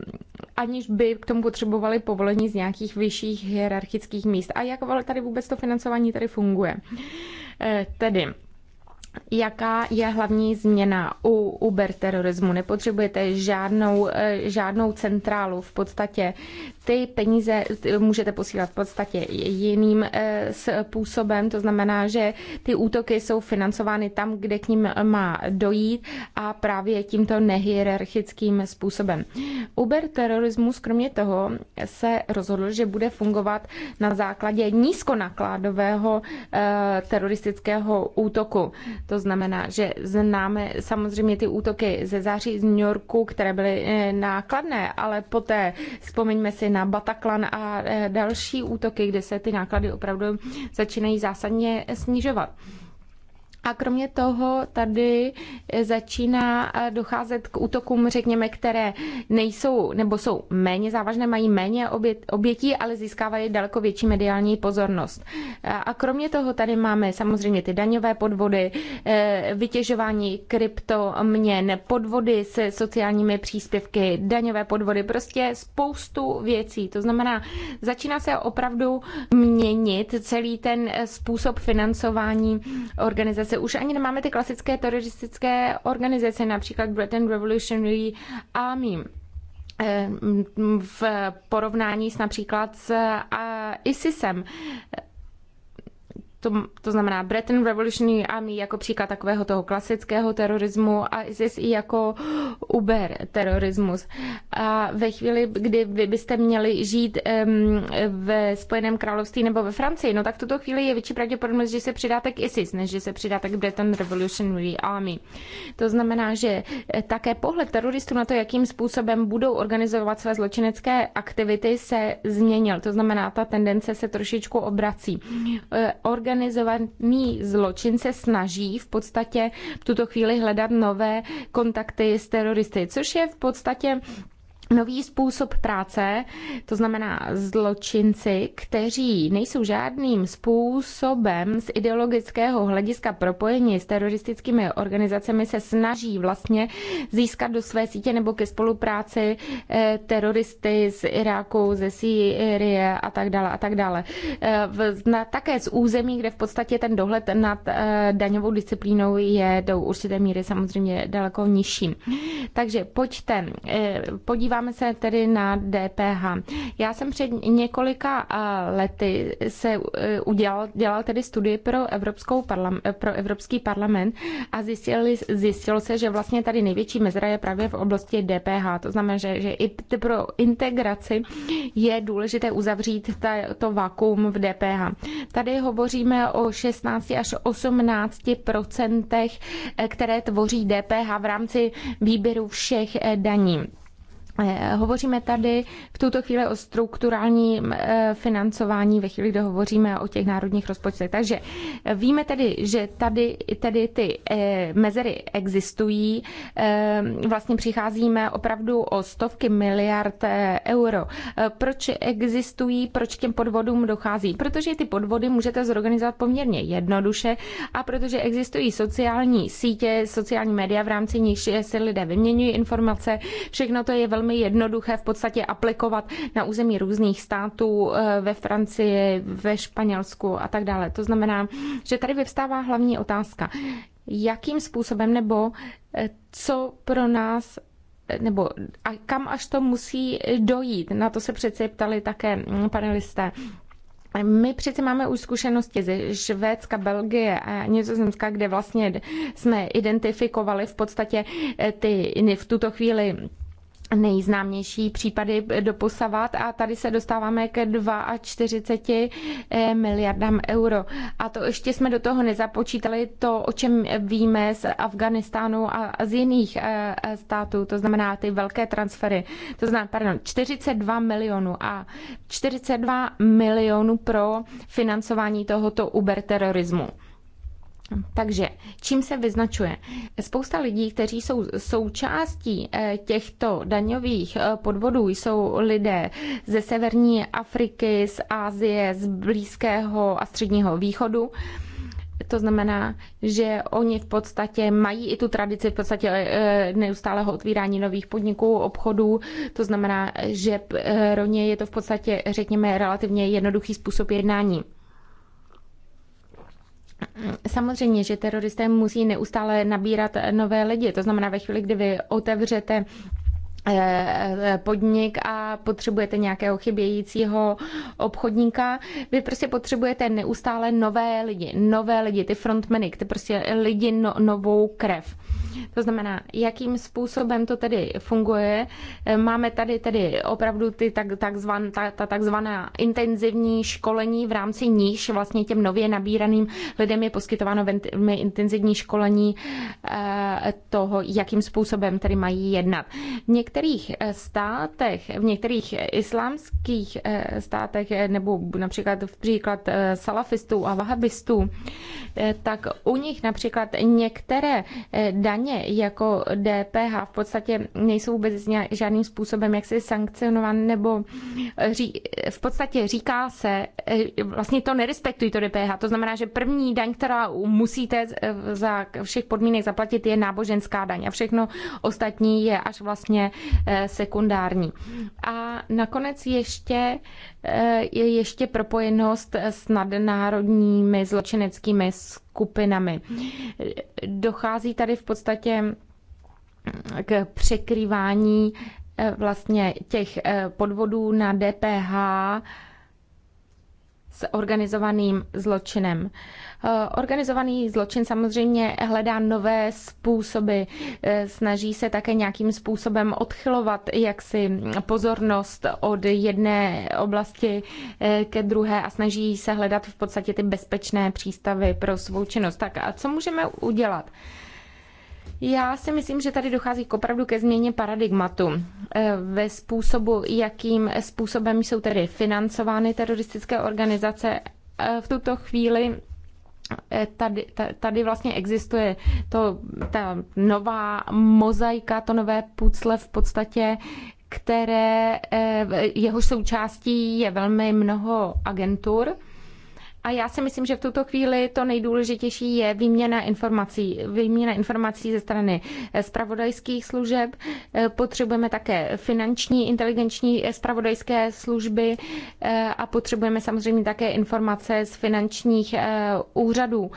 S1: aniž by k tomu potřebovali povolení z nějakých vyšších hierarchických míst. A jak tady vůbec to financování tady funguje? Eh, tedy jaká je hlavní změna u Uber terorismu. Nepotřebujete žádnou, eh, žádnou centrálu v podstatě. Ty peníze můžete posílat v podstatě jiným eh, způsobem, to znamená, že ty útoky jsou financovány tam, kde k ním má dojít a právě tímto nehierarchickým způsobem. Uber terorismus kromě toho se rozhodl, že bude fungovat na základě nízkonakládového eh, teroristického útoku. To znamená, že známe samozřejmě ty útoky ze září z New Yorku, které byly eh, nákladné, ale poté vzpomeňme si na Bataclan a eh, další útoky, kde se ty náklady opravdu začínají zásadně snižovat. A kromě toho tady eh, začíná eh, docházet k útokům, řekněme, které nejsou nebo jsou méně závažné, mají méně obětí, ale získávají daleko větší mediální pozornost. Eh, a kromě toho tady máme samozřejmě ty daňové podvody, vytěžování kryptoměn, podvody se sociálními příspěvky, daňové podvody, prostě spoustu věcí. To znamená, začíná se opravdu měnit celý ten způsob financování organizace organizace. Už ani nemáme ty klasické teroristické organizace, například Britain Revolutionary Army ehm, v porovnání s například s ISISem to, to znamená Breton Revolutionary Army jako příklad takového toho klasického terorismu a ISIS i jako Uber terorismus. A ve chvíli, kdy vy byste měli žít um, ve Spojeném království nebo ve Francii, no tak v tuto chvíli je větší pravděpodobnost, že se přidáte k ISIS, než že se přidáte k Breton Revolutionary Army. To znamená, že e, také pohled teroristů na to, jakým způsobem budou organizovat své zločinecké aktivity, se změnil. To znamená, ta tendence se trošičku obrací. E, Organ organizovaný zločin se snaží v podstatě v tuto chvíli hledat nové kontakty s teroristy, což je v podstatě nový způsob práce, to znamená zločinci, kteří nejsou žádným způsobem z ideologického hlediska propojení s teroristickými organizacemi, se snaží vlastně získat do své sítě nebo ke spolupráci eh, teroristy z Iráku, ze Sýrie a tak dále a tak dále. Eh, na, také z území, kde v podstatě ten dohled nad eh, daňovou disciplínou je do určité míry samozřejmě daleko nižší. Takže pojďte, podívám podíváme se tedy na DPH. Já jsem před několika eh, lety se eh, udělal dělal tedy studii pro, Evropskou parlam, pro Evropský parlament a zjistili, zjistilo se, že vlastně tady největší mezera je právě v oblasti DPH. To znamená, že, že i pro integraci je důležité uzavřít ta, to vakuum v DPH. Tady hovoříme o 16 až 18 procentech, eh, které tvoří DPH v rámci výběru všech daní. Eh, hovoříme tady v tuto chvíli o strukturálním eh, financování ve chvíli, kdy hovoříme o těch národních rozpočtech. Takže eh, víme tedy, že tady, tady ty mezery existují. Vlastně přicházíme opravdu o stovky miliard euro. Proč existují, proč k těm podvodům dochází? Protože ty podvody můžete zorganizovat poměrně jednoduše a protože existují sociální sítě, sociální média, v rámci níž si lidé vyměňují informace, všechno to je velmi velmi jednoduché v podstatě aplikovat na území různých států eh, ve Francii, ve Španělsku a tak dále. To znamená, že tady vyvstává hlavní otázka, jakým způsobem nebo eh, co pro nás eh, nebo a kam až to musí dojít. Na to se přece ptali také mm, panelisté. My přece máme už zkušenosti ze Švédska, Belgie a Nizozemska, kde vlastně jsme identifikovali v podstatě ty v tuto chvíli nejznámější případy doposavat a tady se dostáváme ke 42 eh, miliardám euro. A to ještě jsme do toho nezapočítali to, o čem víme z Afganistánu a z jiných eh, států, to znamená ty velké transfery. To znamená, pardon, 42 milionů a 42 milionů pro financování tohoto Uber terorismu. Takže čím se vyznačuje? Spousta lidí, kteří jsou součástí eh, těchto daňových eh, podvodů, jsou lidé ze severní Afriky, z Ázie, z Blízkého a Středního východu. To znamená, že oni v podstatě mají i tu tradici v podstatě eh, neustálého otvírání nových podniků, obchodů. To znamená, že pro ně je to v podstatě, řekněme, relativně jednoduchý způsob jednání. Samozřejmě, že teroristé musí neustále nabírat nové lidi. To znamená, ve chvíli, kdy vy otevřete Eh, eh, podnik a potřebujete nějakého chybějícího obchodníka. Vy prostě potřebujete neustále nové lidi, nové lidi, ty frontmeny, ty prostě lidi no, novou krev. To znamená, jakým způsobem to tedy funguje. Eh, máme tady tedy opravdu ty tak, takzvan, ta, ta takzvaná intenzivní školení, v rámci níž vlastně těm nově nabíraným lidem je poskytováno velmi intenzivní školení toho, jakým způsobem tedy mají jednat. Něk některých eh, státech, v některých islámských eh, státech, eh, nebo například v příklad salafistů a vahabistů, tak u nich například některé daně jako DPH v podstatě nejsou vůbec žádným způsobem jaksi sankcionovan, nebo ří, v podstatě říká se, vlastně to nerespektují to DPH, to znamená, že první daň, která musíte za všech podmínek zaplatit, je náboženská daň a všechno ostatní je až vlastně Eh, sekundární. A nakonec ještě eh, je ještě propojenost s nadnárodními zločineckými skupinami. Dochází tady v podstatě k překrývání eh, vlastně těch podvodů na DPH s organizovaným zločinem. Eh, organizovaný zločin samozřejmě hledá nové způsoby, eh, snaží se také nějakým způsobem odchylovat jaksi pozornost od jedné oblasti eh, ke druhé a snaží se hledat v podstatě ty bezpečné přístavy pro svou činnost. Tak a co můžeme udělat? Já si myslím, že tady dochází k opravdu ke změně paradigmatu ve způsobu, jakým způsobem jsou tedy financovány teroristické organizace. V tuto chvíli Eh, tady, tady vlastně existuje to, ta nová mozaika, to nové pucle v podstatě, které eh, jeho součástí je velmi mnoho agentur. A já si myslím, že v tuto chvíli to nejdůležitější je výměna informací. Výměna informací ze strany spravodajských eh, služeb. Eh, potřebujeme také finanční, inteligenční spravodajské eh, služby a potřebujeme samozřejmě také informace z finančních úřadů.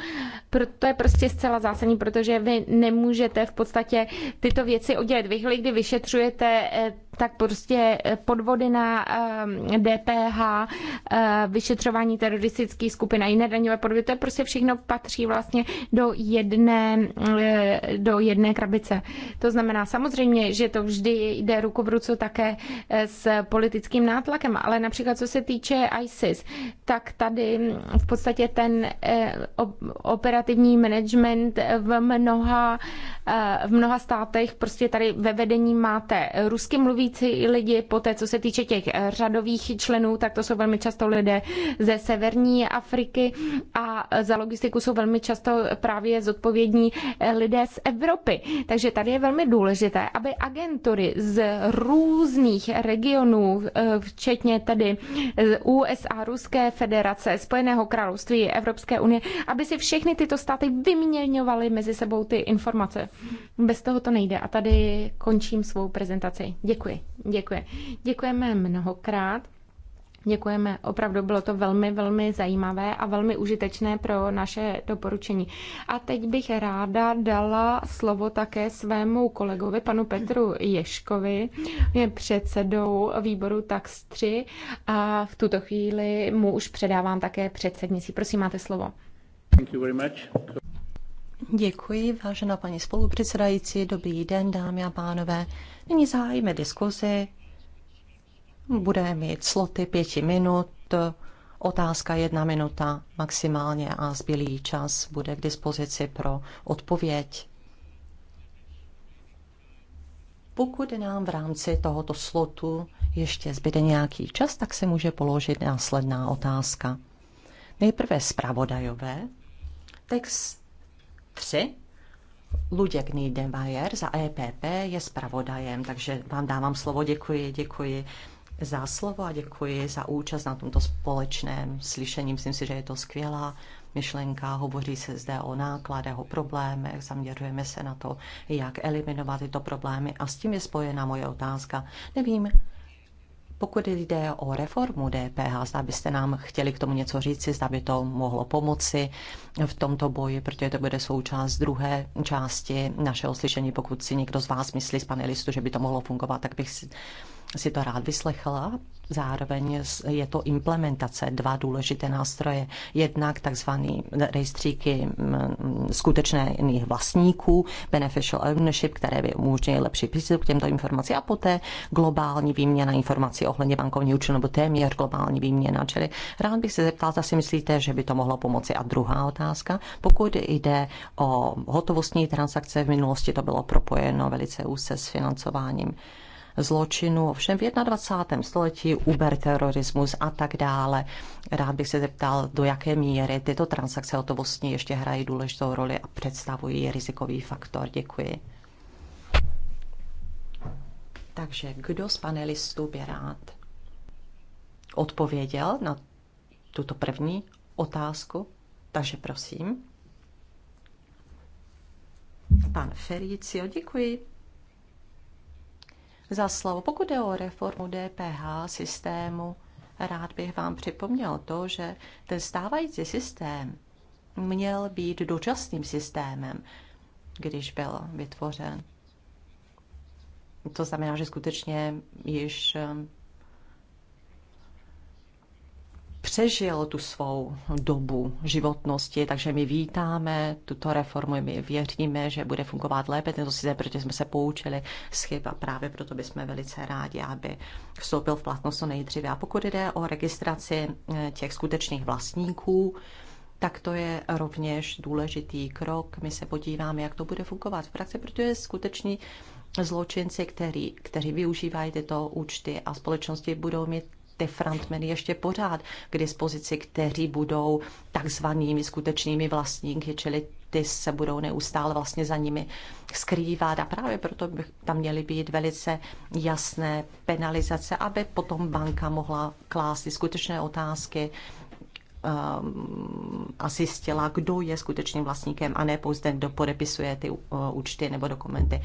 S1: To je prostě zcela zásadní, protože vy nemůžete v podstatě tyto věci oddělit. Vy kdy vyšetřujete tak prostě eh, podvody na DPH, eh, eh, vyšetřování teroristických skupin a jiné daňové podvody, to je prostě všechno patří vlastně do jedné, do jedné krabice. To znamená samozřejmě, že to vždy jde ruku v ruce také s politickým nátlakem, ale například co se týče ISIS, tak tady hm, v podstatě ten operativní management v mnoha, v mnoha státech, prostě tady ve vedení máte rusky mluví pracující lidi, po té, co se týče těch eh, řadových členů, tak to jsou velmi často lidé ze severní Afriky a za logistiku jsou velmi často právě zodpovědní eh, lidé z Evropy. Takže tady je velmi důležité, aby agentury z různých regionů, eh, včetně tedy USA, Ruské federace, Spojeného království, Evropské unie, aby si všechny tyto státy vyměňovaly mezi sebou ty informace. Bez toho to nejde a tady končím svou prezentaci. Děkuji. Děkuji. Děkuji. Děkujeme mnohokrát. Děkujeme, opravdu bylo to velmi, velmi zajímavé a velmi užitečné pro naše doporučení. A teď bych ráda dala slovo také svému kolegovi, panu Petru Ješkovi, je předsedou výboru TAX 3 a v tuto chvíli mu už předávám také předsednici. Prosím, máte slovo. Děkuji, vážená
S2: paní spolupředsedající, dobrý den, dámy a pánové. Nyní zahájíme diskuzi. Budeme mít sloty pěti minut, otázka jedna minuta maximálně a zbylý čas bude k dispozici pro odpověď. Pokud nám v rámci tohoto slotu ještě zbyde nějaký čas, tak se může položit následná otázka. Nejprve zpravodajové, text 3 Luděk Niedermayer za EPP je zpravodajem, takže vám dávám slovo. Děkuji, děkuji za slovo a děkuji za účast na tomto společném slyšení. Myslím si, že je to skvělá myšlenka. Hovoří se zde o nákladech, o problémech, zaměřujeme se na to, jak eliminovat tyto problémy. A s tím je spojena moje otázka. Nevím, pokud jde o reformu DPH, zda byste nám chtěli k tomu něco říci, zda by to mohlo pomoci v tomto boji, protože to bude součást druhé části našeho slyšení. Pokud si někdo z vás myslí z panelistů, že by to mohlo fungovat, tak bych si to rád vyslechla. Zároveň je to implementace dva důležité nástroje. Jednak takzvaný rejstříky mm, skutečných vlastníků, beneficial ownership, které by umožnily lepší přístup k těmto informacím a poté globální výměna informací ohledně bankovní účtu nebo téměř globální výměna. Čili rád bych se zeptal, zda si myslíte, že by to mohlo pomoci. A druhá otázka, pokud jde o hotovostní transakce, v minulosti to bylo propojeno velice úzce s financováním Zločinu, ovšem v 21. století Uber terorismus a tak dále. Rád bych se zeptal, do jaké míry tyto transakce hotovostní ještě hrají důležitou roli a představují rizikový faktor. Děkuji. Takže kdo z panelistů by rád odpověděl na tuto první otázku? Takže prosím. Pan Felicio, děkuji za slovo. Pokud jde o reformu DPH systému, rád bych vám připomněl to, že ten stávající systém měl být dočasným systémem, když byl vytvořen. To znamená, že skutečně již přežil tu svou dobu životnosti, takže my vítáme tuto reformu, my věříme, že bude fungovat lépe tento systém, protože jsme se poučili z chyb a právě proto bychom velice rádi, aby vstoupil v platnost co nejdříve. A pokud jde o registraci eh, těch skutečných vlastníků, tak to je rovněž důležitý krok. My se podíváme, jak to bude fungovat v praxi, protože skuteční zločinci, který, kteří využívají tyto účty a společnosti, budou mít ty frontmeny ještě pořád k dispozici, kteří budou takzvanými skutečnými vlastníky, čili ty se budou neustále vlastně za nimi skrývat a právě proto by tam měly být velice jasné penalizace, aby potom banka mohla klást skutečné otázky Um, asi zjistila, kdo je skutečným vlastníkem a ne pouze ten, kdo podepisuje ty uh, účty nebo dokumenty.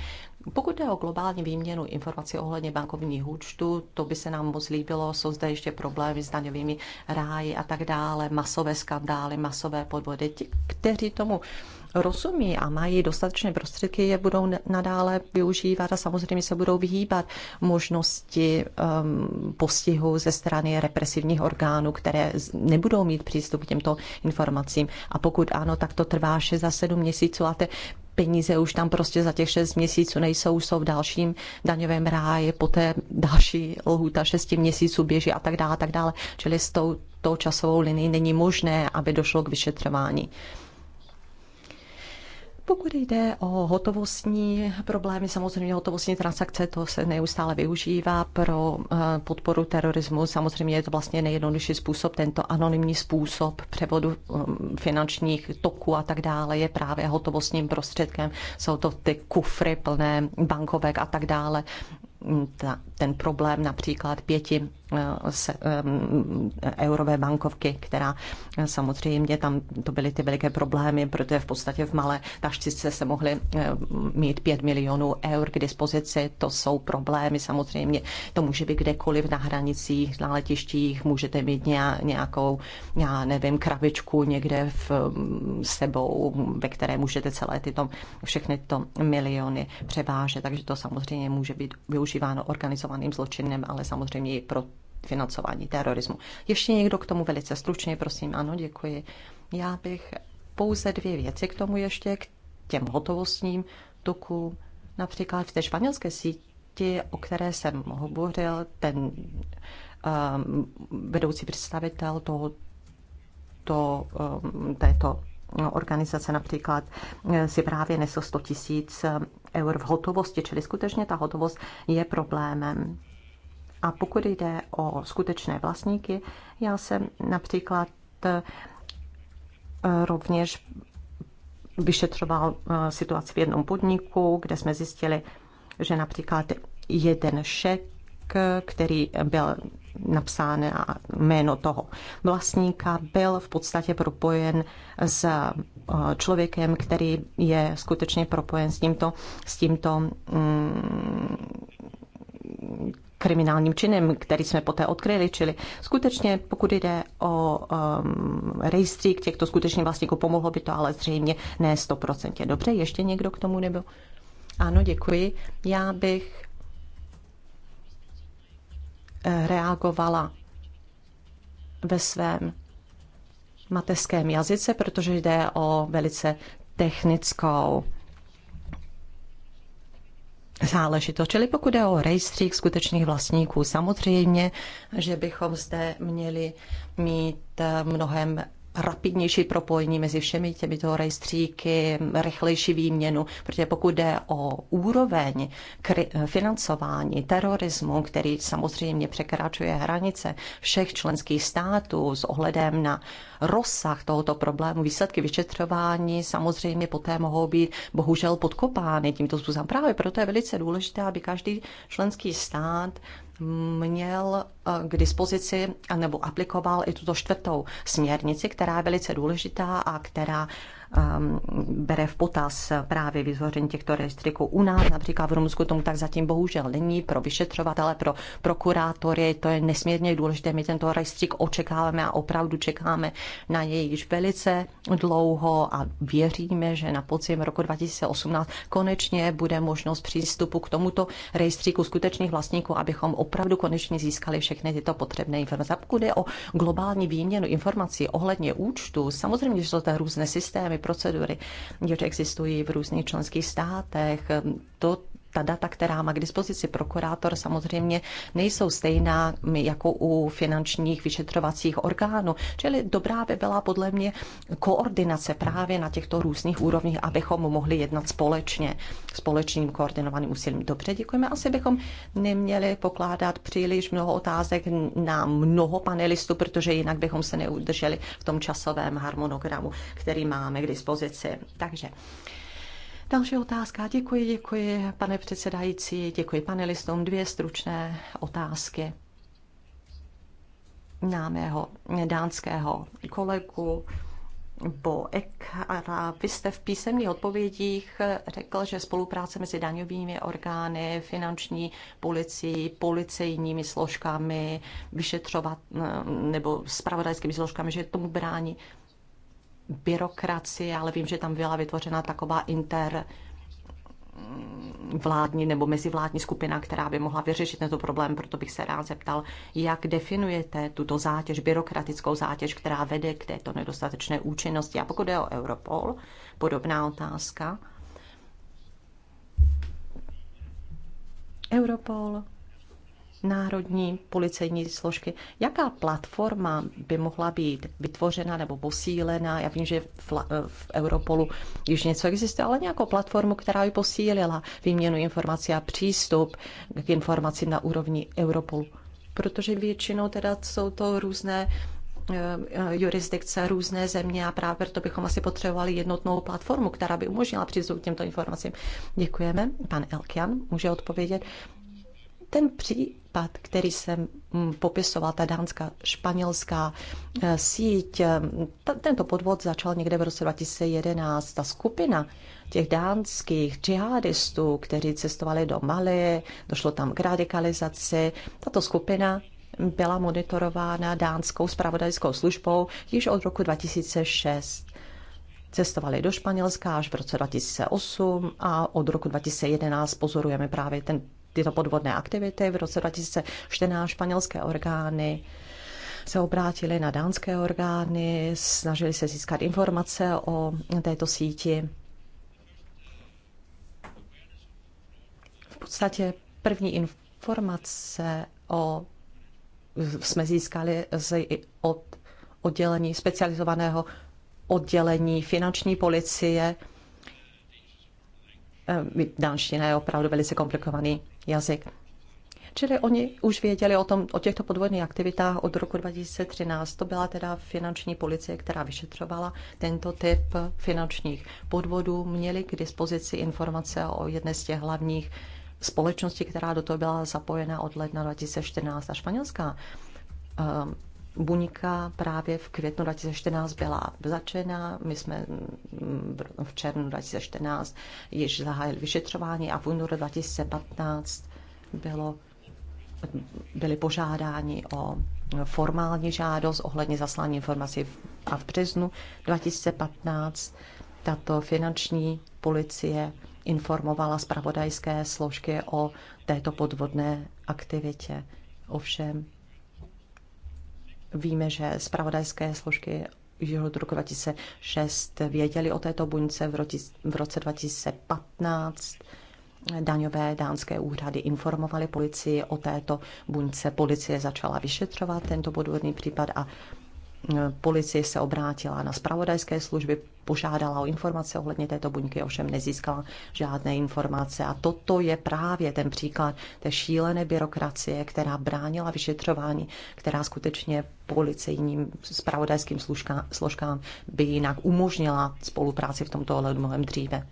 S2: Pokud jde o globální výměnu informací ohledně bankovních účtů, to by se nám moc líbilo. Jsou zde ještě problémy s daňovými ráji a tak dále, masové skandály, masové podvody. Ti, kteří tomu rozumí a mají dostatečné prostředky, je budou nadále využívat a samozřejmě se budou vyhýbat možnosti um, postihu ze strany represivních orgánů, které nebudou mít přístup k těmto informacím. A pokud ano, tak to trvá 6 za 7 měsíců a te peníze už tam prostě za těch 6 měsíců nejsou, jsou v dalším daňovém ráji, poté další lhůta 6 měsíců běží a tak dále, a tak dále. Čili s tou, tou časovou linií není možné, aby došlo k vyšetřování. Pokud jde o hotovostní problémy, samozřejmě hotovostní transakce, to se neustále využívá pro eh, podporu terorismu. Samozřejmě je to vlastně nejjednodušší způsob, tento anonymní způsob převodu eh, finančních toků a tak dále je právě hotovostním prostředkem. Jsou to ty kufry plné bankovek a tak dále ta, ten problém například pěti eh, se, um, eurové bankovky, která eh, samozřejmě tam to byly ty veliké problémy, protože v podstatě v malé taštice se mohly mít pět milionů eur k dispozici. To jsou problémy samozřejmě. To může být kdekoliv na hranicích, na letištích, můžete mít nějakou, já nevím, krabičku někde v sebou, ve které můžete celé tyto, všechny tyto miliony převážet. Takže to samozřejmě může být využít využíváno organizovaným zločinem, ale samozřejmě i pro financování terorismu. Ještě někdo k tomu velice stručně, prosím, ano, děkuji. Já bych pouze dvě věci k tomu ještě, k těm hotovostním tokům. Například v té španělské síti, o které jsem hovořil, ten um, vedoucí představitel toho, to, um, této organizace například eh, si právě nesl 100 tisíc eur v hotovosti, čili skutečně ta hotovost je problémem. A pokud jde o skutečné vlastníky, já jsem například eh, rovněž vyšetřoval eh, situaci v jednom podniku, kde jsme zjistili, že například jeden šek, který byl napsáno jméno toho vlastníka, byl v podstatě propojen s eh, člověkem, který je skutečně propojen s tímto, s tímto mm, kriminálním činem, který jsme poté odkryli. Čili skutečně, pokud jde o um, rejstřík těchto skutečných vlastníků, pomohlo by to, ale zřejmě ne 100%. Dobře, ještě někdo k tomu nebyl? Ano, děkuji. Já bych Eh, reagovala ve svém mateřském jazyce, protože jde o velice technickou záležitost. Čili pokud je o rejstřík skutečných vlastníků, samozřejmě, že bychom zde měli mít eh, mnohem rapidnější propojení mezi všemi těmito rejstříky, rychlejší výměnu, protože pokud jde o úroveň financování terorismu, který samozřejmě překračuje hranice všech členských států s ohledem na rozsah tohoto problému, výsledky vyšetřování samozřejmě poté mohou být bohužel podkopány tímto způsobem. Právě proto je velice důležité, aby každý členský stát měl eh, k dispozici nebo aplikoval i tuto čtvrtou směrnici, která je velice důležitá a která Ehm, bere v potaz právě vytvoření těchto rejstříků. U nás například v Rumunsku tomu tak zatím bohužel není. Pro vyšetřovatele, pro prokurátory to je nesmírně důležité. My tento rejstřík očekáváme a opravdu čekáme na něj již velice dlouho a věříme, že na podzim roku 2018 konečně bude možnost přístupu k tomuto rejstříku skutečných vlastníků, abychom opravdu konečně získali všechny tyto potřebné informace. pokud je o globální výměnu informací ohledně účtu, samozřejmě, že jsou to různé systémy, procedury, jež existují v různých členských státech. To ta data, která má k dispozici prokurátor, samozřejmě nejsou stejná jako u finančních vyšetřovacích orgánů. Čili dobrá by byla podle mě koordinace právě na těchto různých úrovních, abychom mohli jednat společně, společným koordinovaným úsilím. Dobře, děkujeme. Asi bychom neměli pokládat příliš mnoho otázek na mnoho panelistů, protože jinak bychom se neudrželi v tom časovém harmonogramu, který máme k dispozici. Takže Další otázka. Děkuji, děkuji, pane předsedající, děkuji panelistům. Dvě stručné otázky na mého dánského kolegu Bo Ekara. Vy jste v písemných odpovědích řekl, že spolupráce mezi daňovými orgány, finanční policií, policejními složkami, vyšetřovat nebo spravodajskými složkami, že tomu brání byrokracie, ale vím, že tam byla vytvořena taková inter vládní nebo mezivládní skupina, která by mohla vyřešit tento problém, proto bych se rád zeptal, jak definujete tuto zátěž, byrokratickou zátěž, která vede k této nedostatečné účinnosti. A pokud je o Europol, podobná otázka. Europol národní policejní složky. Jaká platforma by mohla být vytvořena nebo posílena? Já vím, že v, v Europolu již něco existuje, ale nějakou platformu, která by posílila výměnu informací a přístup k informacím na úrovni Europolu. Protože většinou teda jsou to různé eh, jurisdikce, různé země a právě proto bychom asi potřebovali jednotnou platformu, která by umožnila přístup k těmto informacím. Děkujeme. Pan Elkian může odpovědět ten případ, který jsem mm, popisoval, ta dánská, španělská eh, síť, eh, tento podvod začal někde v roce 2011. Ta skupina těch dánských džihadistů, kteří cestovali do Mali, došlo tam k radikalizaci. Tato skupina byla monitorována dánskou spravodajskou službou již od roku 2006. Cestovali do Španělska až v roce 2008 a od roku 2011 pozorujeme právě ten tyto podvodné aktivity. V roce 2014 španělské orgány se obrátili na dánské orgány, snažili se získat informace o této síti. V podstatě první informace o, jsme získali z, od oddělení, specializovaného oddělení finanční policie Eh, dánština je opravdu velice komplikovaný jazyk. Čili oni už věděli o, tom, o těchto podvodných aktivitách od roku 2013. To byla teda finanční policie, která vyšetřovala tento typ finančních podvodů. Měli k dispozici informace o jedné z těch hlavních společností, která do toho byla zapojena od ledna 2014. A španělská eh, buňka právě v květnu 2014 byla začena. My jsme v červnu 2014 již zahájili vyšetřování a v únoru 2015 bylo, byly požádáni o formální žádost ohledně zaslání informací a v březnu 2015 tato finanční policie informovala zpravodajské složky o této podvodné aktivitě. Ovšem Víme, že zpravodajské složky už od roku 2006 věděli o této buňce v, v roce 2015. Daňové dánské úřady informovaly policii o této buňce. Policie začala vyšetřovat tento podvodný případ a policie se obrátila na spravodajské služby, požádala o informace ohledně této buňky, ovšem nezískala žádné informace. A toto je právě ten příklad té šílené byrokracie, která bránila vyšetřování, která skutečně policejním spravodajským služkám složkám by jinak umožnila spolupráci v tomto ohledu mnohem dříve.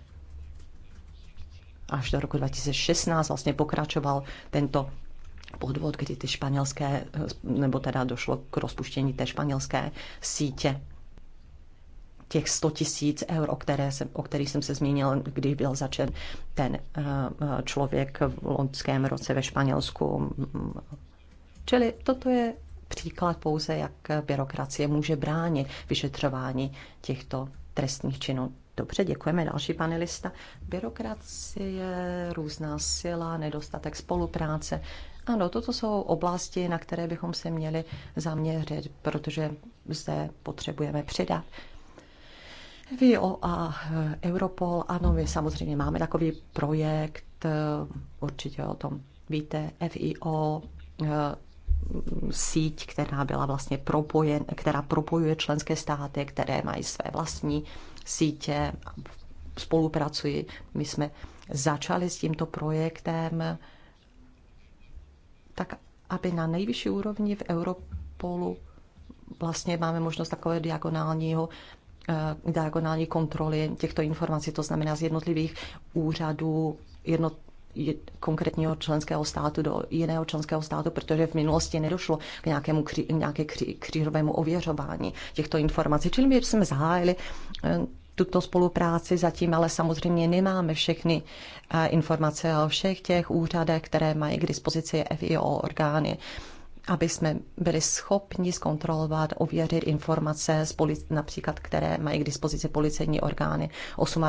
S2: Až do roku 2016 vlastně pokračoval tento podvod, kdy ty španělské, nebo teda došlo k rozpuštění té španělské sítě těch 100 tisíc eur, o, které jsem, o kterých jsem se zmínil, když byl začen ten eh, eh, člověk v loňském roce ve Španělsku. Čili toto je příklad pouze, jak byrokracie může bránit vyšetřování těchto trestných činů. Dobře, děkujeme. Další panelista. Byrokracie, různá sila, nedostatek spolupráce, ano, toto jsou oblasti, na které bychom se měli zaměřit, protože zde potřebujeme přidat. VO a Europol, ano, my samozřejmě máme takový projekt, určitě o tom víte, FIO, eh, síť, která byla vlastně propojen, která propojuje členské státy, které mají své vlastní sítě, spolupracují. My jsme začali s tímto projektem tak aby na nejvyšší úrovni v Europolu vlastně máme možnost takové diagonálního eh, diagonální kontroly těchto informací, to znamená z jednotlivých úřadů jedno konkrétního členského státu do jiného členského státu, protože v minulosti nedošlo k nějakému kří, nějaké kří, křížovému ověřování těchto informací. Čili my jsme zahájili eh, tuto spolupráci. Zatím ale samozřejmě nemáme všechny eh, informace o všech těch úřadech, které mají k dispozici FIO orgány aby jsme byli schopni zkontrolovat, ověřit informace, z polic- například které mají k dispozici policejní orgány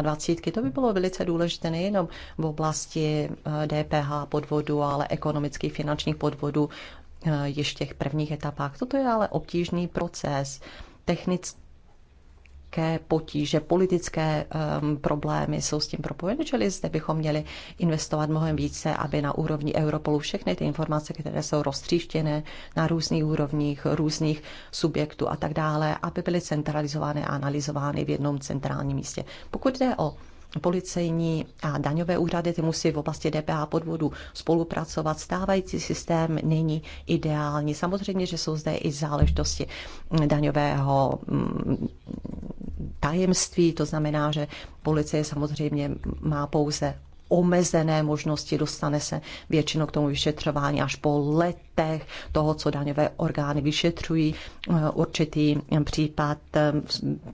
S2: 28. To by bylo velice důležité nejenom v oblasti DPH eh, podvodu, ale ekonomických finančních podvodů eh, již v těch prvních etapách. Toto je ale obtížný proces. Technicky jaké potíže, politické um, problémy jsou s tím propojeny, čili zde bychom měli investovat mnohem více, aby na úrovni Europolu všechny ty informace, které jsou roztříštěné na různých úrovních, různých subjektů a tak dále, aby byly centralizovány a analyzovány v jednom centrálním místě. Pokud jde o policejní a daňové úřady, ty musí v oblasti DPA podvodu spolupracovat. Stávající systém není ideální. Samozřejmě, že jsou zde i záležitosti daňového mm, tajemství, to znamená, že policie samozřejmě má pouze omezené možnosti, dostane se většinou k tomu vyšetřování až po let aspektech toho, co daňové orgány vyšetřují eh, určitý případ eh,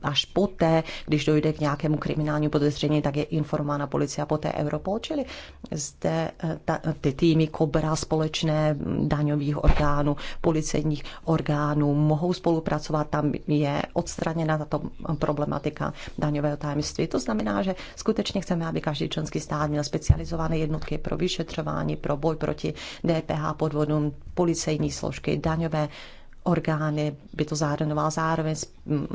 S2: až poté, když dojde k nějakému kriminálnímu podezření, tak je informována policia poté Europol, čili zde eh, ta, ty týmy Kobra společné daňových orgánů, policejních orgánů mohou spolupracovat, tam je odstraněna tato problematika daňového tajemství. To znamená, že skutečně chceme, aby každý členský stát měl specializované jednotky pro vyšetřování, pro boj proti DPH podvodům, policejní složky, daňové orgány, by to zahrnoval zároveň mm,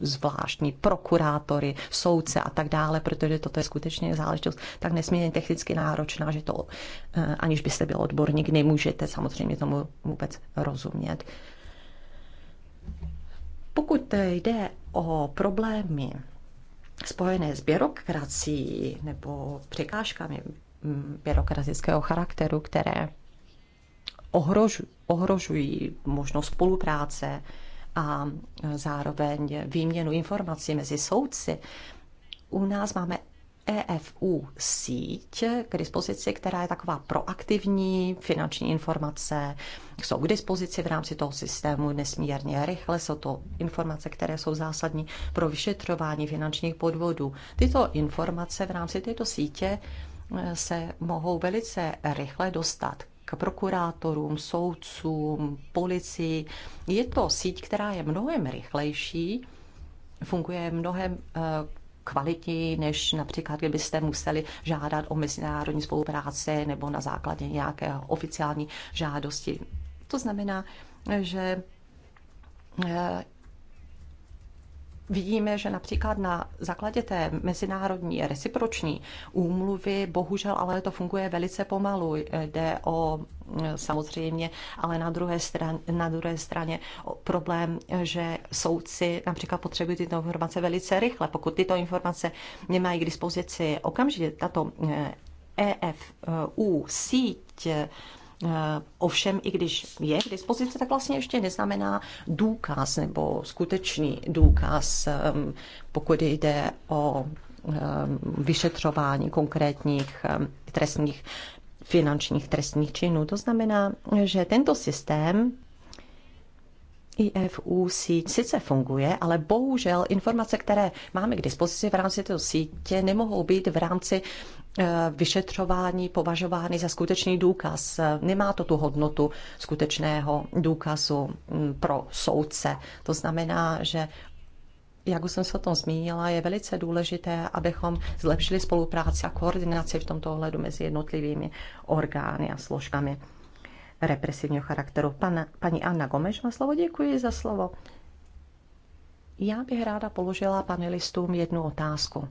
S2: zvláštní prokurátory, soudce a tak dále, protože toto je skutečně záležitost tak nesmírně technicky náročná, že to, eh, aniž byste byl odborník, nemůžete samozřejmě tomu vůbec rozumět. Pokud jde o problémy spojené s byrokracií nebo překážkami mm, byrokratického charakteru, které ohrožují, ohrožují možnost spolupráce a zároveň výměnu informací mezi soudci. U nás máme EFU síť k dispozici, která je taková proaktivní, finanční informace jsou k dispozici v rámci toho systému nesmírně rychle, jsou to informace, které jsou zásadní pro vyšetřování finančních podvodů. Tyto informace v rámci této sítě eh, se mohou velice rychle dostat k prokurátorům, soudcům, policii. Je to síť, která je mnohem rychlejší, funguje mnohem eh, kvalitněji, než například, kdybyste museli žádat o mezinárodní spolupráci nebo na základě nějaké oficiální žádosti. To znamená, že eh, Vidíme, že například na základě té mezinárodní reciproční úmluvy, bohužel ale to funguje velice pomalu. Jde o eh, samozřejmě, ale na druhé, straně, na druhé straně problém, že soudci například potřebují tyto informace velice rychle. Pokud tyto informace nemají k dispozici okamžitě, tato EFU eh, e síť Eh, ovšem, i když je k dispozici, tak vlastně ještě neznamená důkaz nebo skutečný důkaz, ehm, pokud jde o ehm, vyšetřování konkrétních ehm, trestních finančních trestních činů. To znamená, že tento systém IFU síť sice funguje, ale bohužel informace, které máme k dispozici v rámci této sítě, nemohou být v rámci eh, vyšetřování považovány za skutečný důkaz. Nemá to tu hodnotu skutečného důkazu hm, pro soudce. To znamená, že jak už jsem se o tom zmínila, je velice důležité, abychom zlepšili spolupráci a koordinaci v tomto ohledu mezi jednotlivými orgány a složkami represivního charakteru. Pana, paní Anna Gomeš má slovo, děkuji za slovo. Já bych ráda položila panelistům jednu otázku.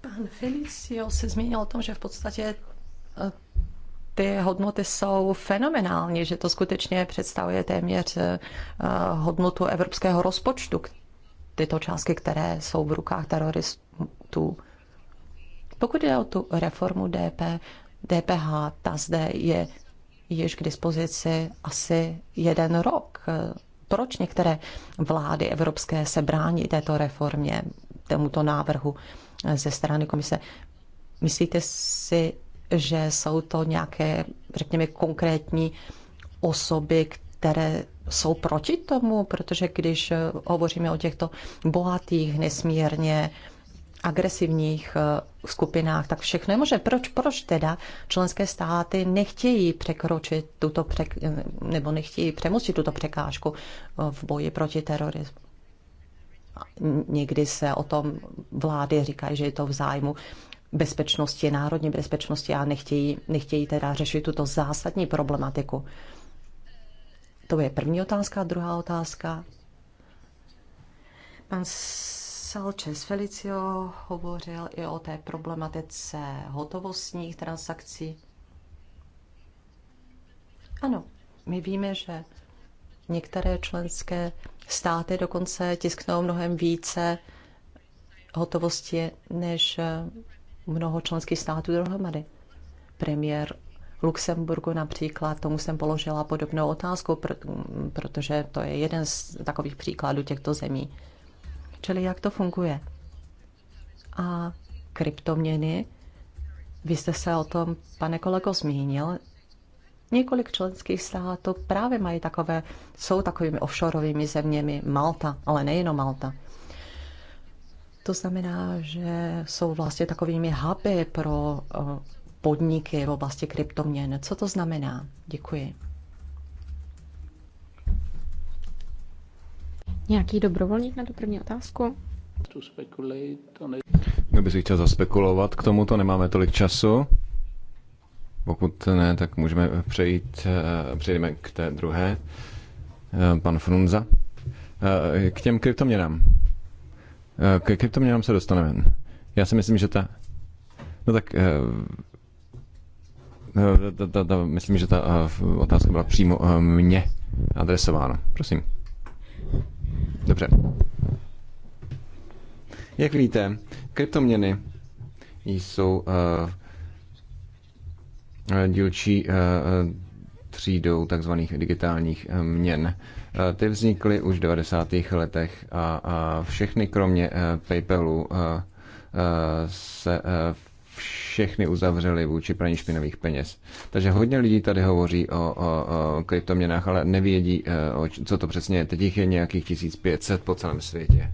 S2: Pan Felicio se zmínil o tom, že v podstatě eh, ty hodnoty jsou fenomenální, že to skutečně představuje téměř eh, hodnotu evropského rozpočtu, tyto částky, které jsou v rukách teroristů. Pokud jde o tu reformu DP, DPH, ta zde je již k dispozici asi jeden rok. Proč některé vlády evropské se brání této reformě, tomuto návrhu ze strany komise? Myslíte si, že jsou to nějaké, řekněme, konkrétní osoby, které které jsou proti tomu, protože když hovoříme o těchto bohatých, nesmírně agresivních eh, skupinách, tak všechno je možné. Proč, proč teda členské státy nechtějí překročit tuto přek, eh, nebo nechtějí přemostit tuto překážku eh, v boji proti terorismu? Někdy se o tom vlády říkají, že je to v zájmu bezpečnosti, národní bezpečnosti a nechtějí, nechtějí teda řešit tuto zásadní problematiku. To je první otázka. druhá otázka. Pan Salčes Felicio hovořil i o té problematice hotovostních transakcí. Ano, my víme, že některé členské státy dokonce tisknou mnohem více hotovosti než mnoho členských států dohromady. Premiér Luxemburgu například, tomu jsem položila podobnou otázku, protože to je jeden z takových příkladů těchto zemí. Čili jak to funguje? A kryptoměny, vy jste se o tom, pane kolego, zmínil, Několik členských států právě mají takové, jsou takovými offshoreovými zeměmi Malta, ale nejenom Malta. To znamená, že jsou vlastně takovými huby pro eh, podniky v oblasti kryptoměn. Co to znamená? Děkuji.
S1: Nějaký dobrovolník na tu první otázku?
S3: Kdo by si chtěl zaspekulovat k tomuto? Nemáme tolik času. Pokud ne, tak můžeme přejít, eh, přejdeme k té druhé. Eh, pan Frunza. Eh, k těm kryptoměnám. K kryptoměnám se dostaneme. Já si myslím, že ta... No tak Eh, ta, ta, ta, myslím, že ta eh, otázka byla přímo eh, mně adresována. Prosím. Dobře. Jak víte, kryptoměny jsou uh, dílčí uh, třídou takzvaných digitálních měn. Ty vznikly už v 90. letech a, a všechny kromě PayPalu se všechny uzavřeli vůči praní špinavých peněz. Takže hodně lidí tady hovoří o, o, o kryptoměnách, ale nevědí, e, o, co to přesně je. Teď jich je nějakých 1500 po celém světě.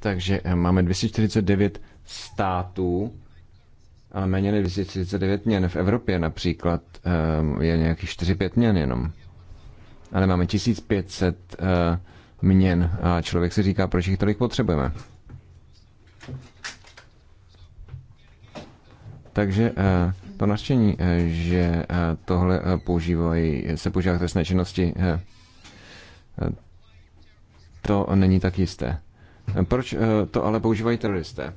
S3: Takže e, máme 249 států, ale méně než 249 měn. V Evropě například e, je nějakých 4-5 měn jenom. Ale máme 1500 měn a člověk si říká, proč jich tolik potřebujeme. Takže eh, to nadšení, eh, že eh, tohle používají, se používá k trestné činnosti, to není tak jisté. Proč to ale používají teroristé?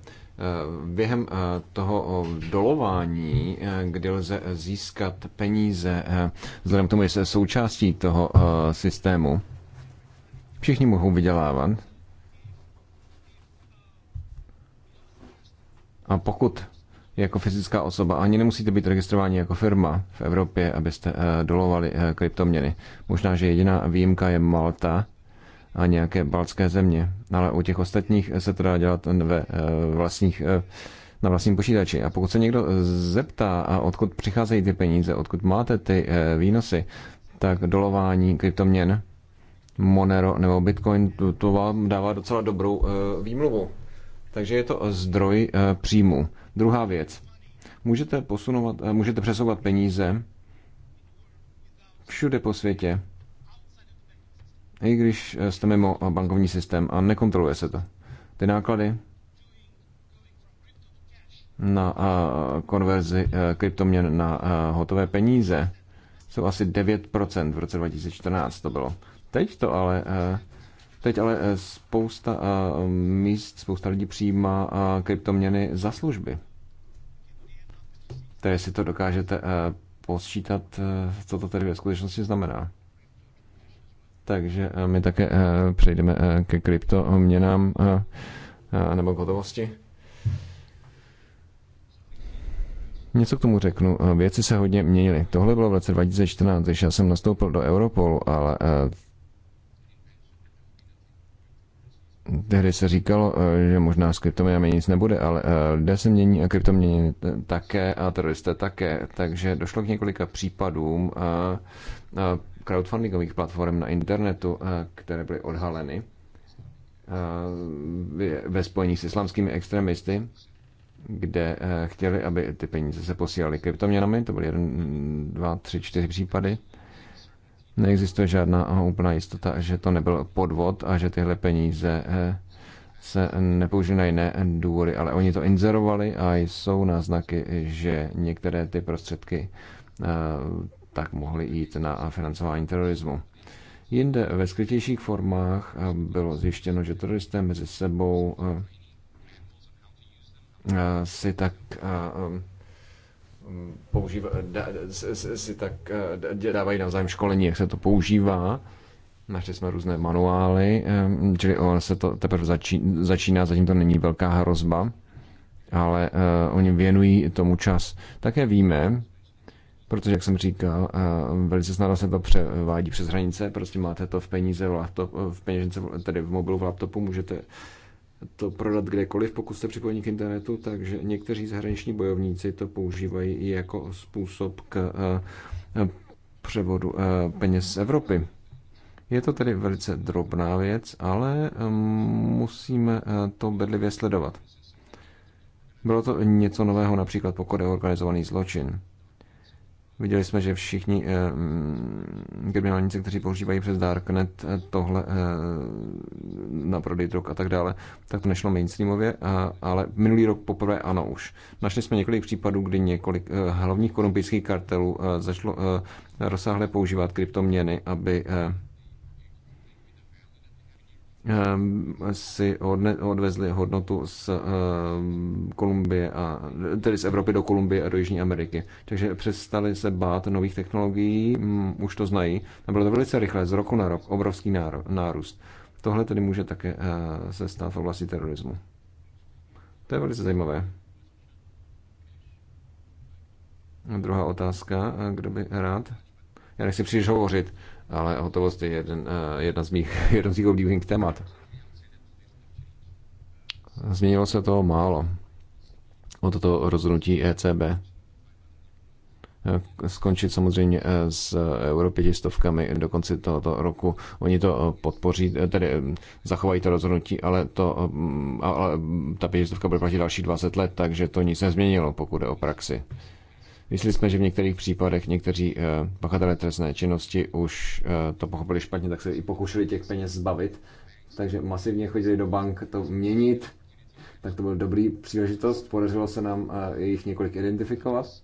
S3: Během toho dolování, kdy lze získat peníze, vzhledem k tomu, že se součástí toho systému, všichni mohou vydělávat. A pokud jako fyzická osoba. Ani nemusíte být registrováni jako firma v Evropě, abyste eh, dolovali eh, kryptoměny. Možná, že jediná výjimka je Malta a nějaké baltské země, ale u těch ostatních se to dá dělat ve eh, vlastních na vlastním počítači. A pokud se někdo zeptá, a odkud přicházejí ty peníze, odkud máte ty výnosy, tak dolování kryptoměn, Monero nebo Bitcoin, to, to vám dává docela dobrou výmluvu. Takže je to zdroj příjmu. Druhá věc. Můžete, posunovat, eh, můžete přesouvat peníze všude po světě, i když eh, jste mimo eh, bankovní systém a nekontroluje se to. Ty náklady na konverzi kryptoměn na hotové peníze jsou asi 9% v roce 2014 to bylo. Teď to ale Teď ale eh, spousta eh, míst, spousta lidí přijímá eh, kryptoměny za služby. Tedy si to dokážete posčítat, co to tedy ve skutečnosti znamená. Takže my také přejdeme ke kryptoměnám nebo k hotovosti. Něco k tomu řeknu. Věci se hodně měnily. Tohle bylo v roce 2014, když já jsem nastoupil do Europolu, ale tehdy se říkalo, eh, že možná s kryptoměnami nic nebude, ale eh, lidé se mění a kryptoměny také a teroristé také. Takže došlo k několika případům eh, crowdfundingových platform na internetu, které byly odhaleny ve spojení s islamskými extremisty, kde chtěli, aby ty peníze se posílaly kryptoměnami. To byly jeden, dva, tři, čtyři případy neexistuje žádná úplná jistota, že to nebyl podvod a že tyhle peníze eh, se nepoužijí na jiné důvody, ale oni to inzerovali a jsou náznaky, že některé ty prostředky eh, tak mohly jít na financování terorismu. Jinde ve skrytějších formách eh, bylo zjištěno, že teroristé mezi sebou si tak používa, da, si, si tak eh, dávají navzájem školení, jak se to používá. Našli jsme různé manuály, ehm, čili on se to teprve začí, začíná, zatím to není velká hrozba, ale eh, oni věnují tomu čas. Také víme, protože, jak jsem říkal, eh, velice snadno se to převádí přes hranice, prostě máte to v peníze, v, laptop, v peněžence, tedy v mobilu, v laptopu, můžete to prodat kdekoliv, pokud jste připojení k internetu, takže někteří zahraniční bojovníci to používají i jako způsob k eh, převodu eh, peněz z Evropy. Je to tedy velice drobná věc, ale eh, musíme to bedlivě sledovat. Bylo to něco nového například pokud je organizovaný zločin. Viděli jsme, že všichni eh, mm, kriminálníci, kteří používají přes Darknet eh, tohle eh, na prodej drog a tak dále, tak to nešlo mainstreamově, ale minulý rok poprvé ano už. Našli jsme několik případů, kdy několik hlavních kolumbijských kartelů začalo rozsáhle používat kryptoměny, aby Ehm, si odvezli hodnotu z ehm, Kolumbie a, tedy z Evropy do Kolumbie a do Jižní Ameriky. Takže přestali se bát nových technologií, mm, už to znají. A bylo to velice rychle, z roku na rok, obrovský nárůst. Tohle tedy může také eh, se stát v oblasti terorismu. To je velice zajímavé. A druhá otázka, eh, kdo by rád? Já nechci příliš hovořit ale hotovost je jeden, eh, jedna z mých, jeden z mých oblíbených témat. Změnilo se toho málo o toto rozhodnutí ECB. Eh, skončit samozřejmě s eh, euro pětistovkami do konce tohoto roku. Oni to podpoří, tedy zachovají to rozhodnutí, ale, to, ale mm, ta pětistovka bude platit další 20 let, takže to nic nezměnilo, pokud je o praxi. Myslili jsme, že v některých případech někteří eh, pachatelé trestné činnosti už eh, to pochopili špatně, tak se i pokoušeli těch peněz zbavit. Takže masivně chodili do bank to měnit. Tak to byl dobrý příležitost. Podařilo se nám eh, jejich několik identifikovat.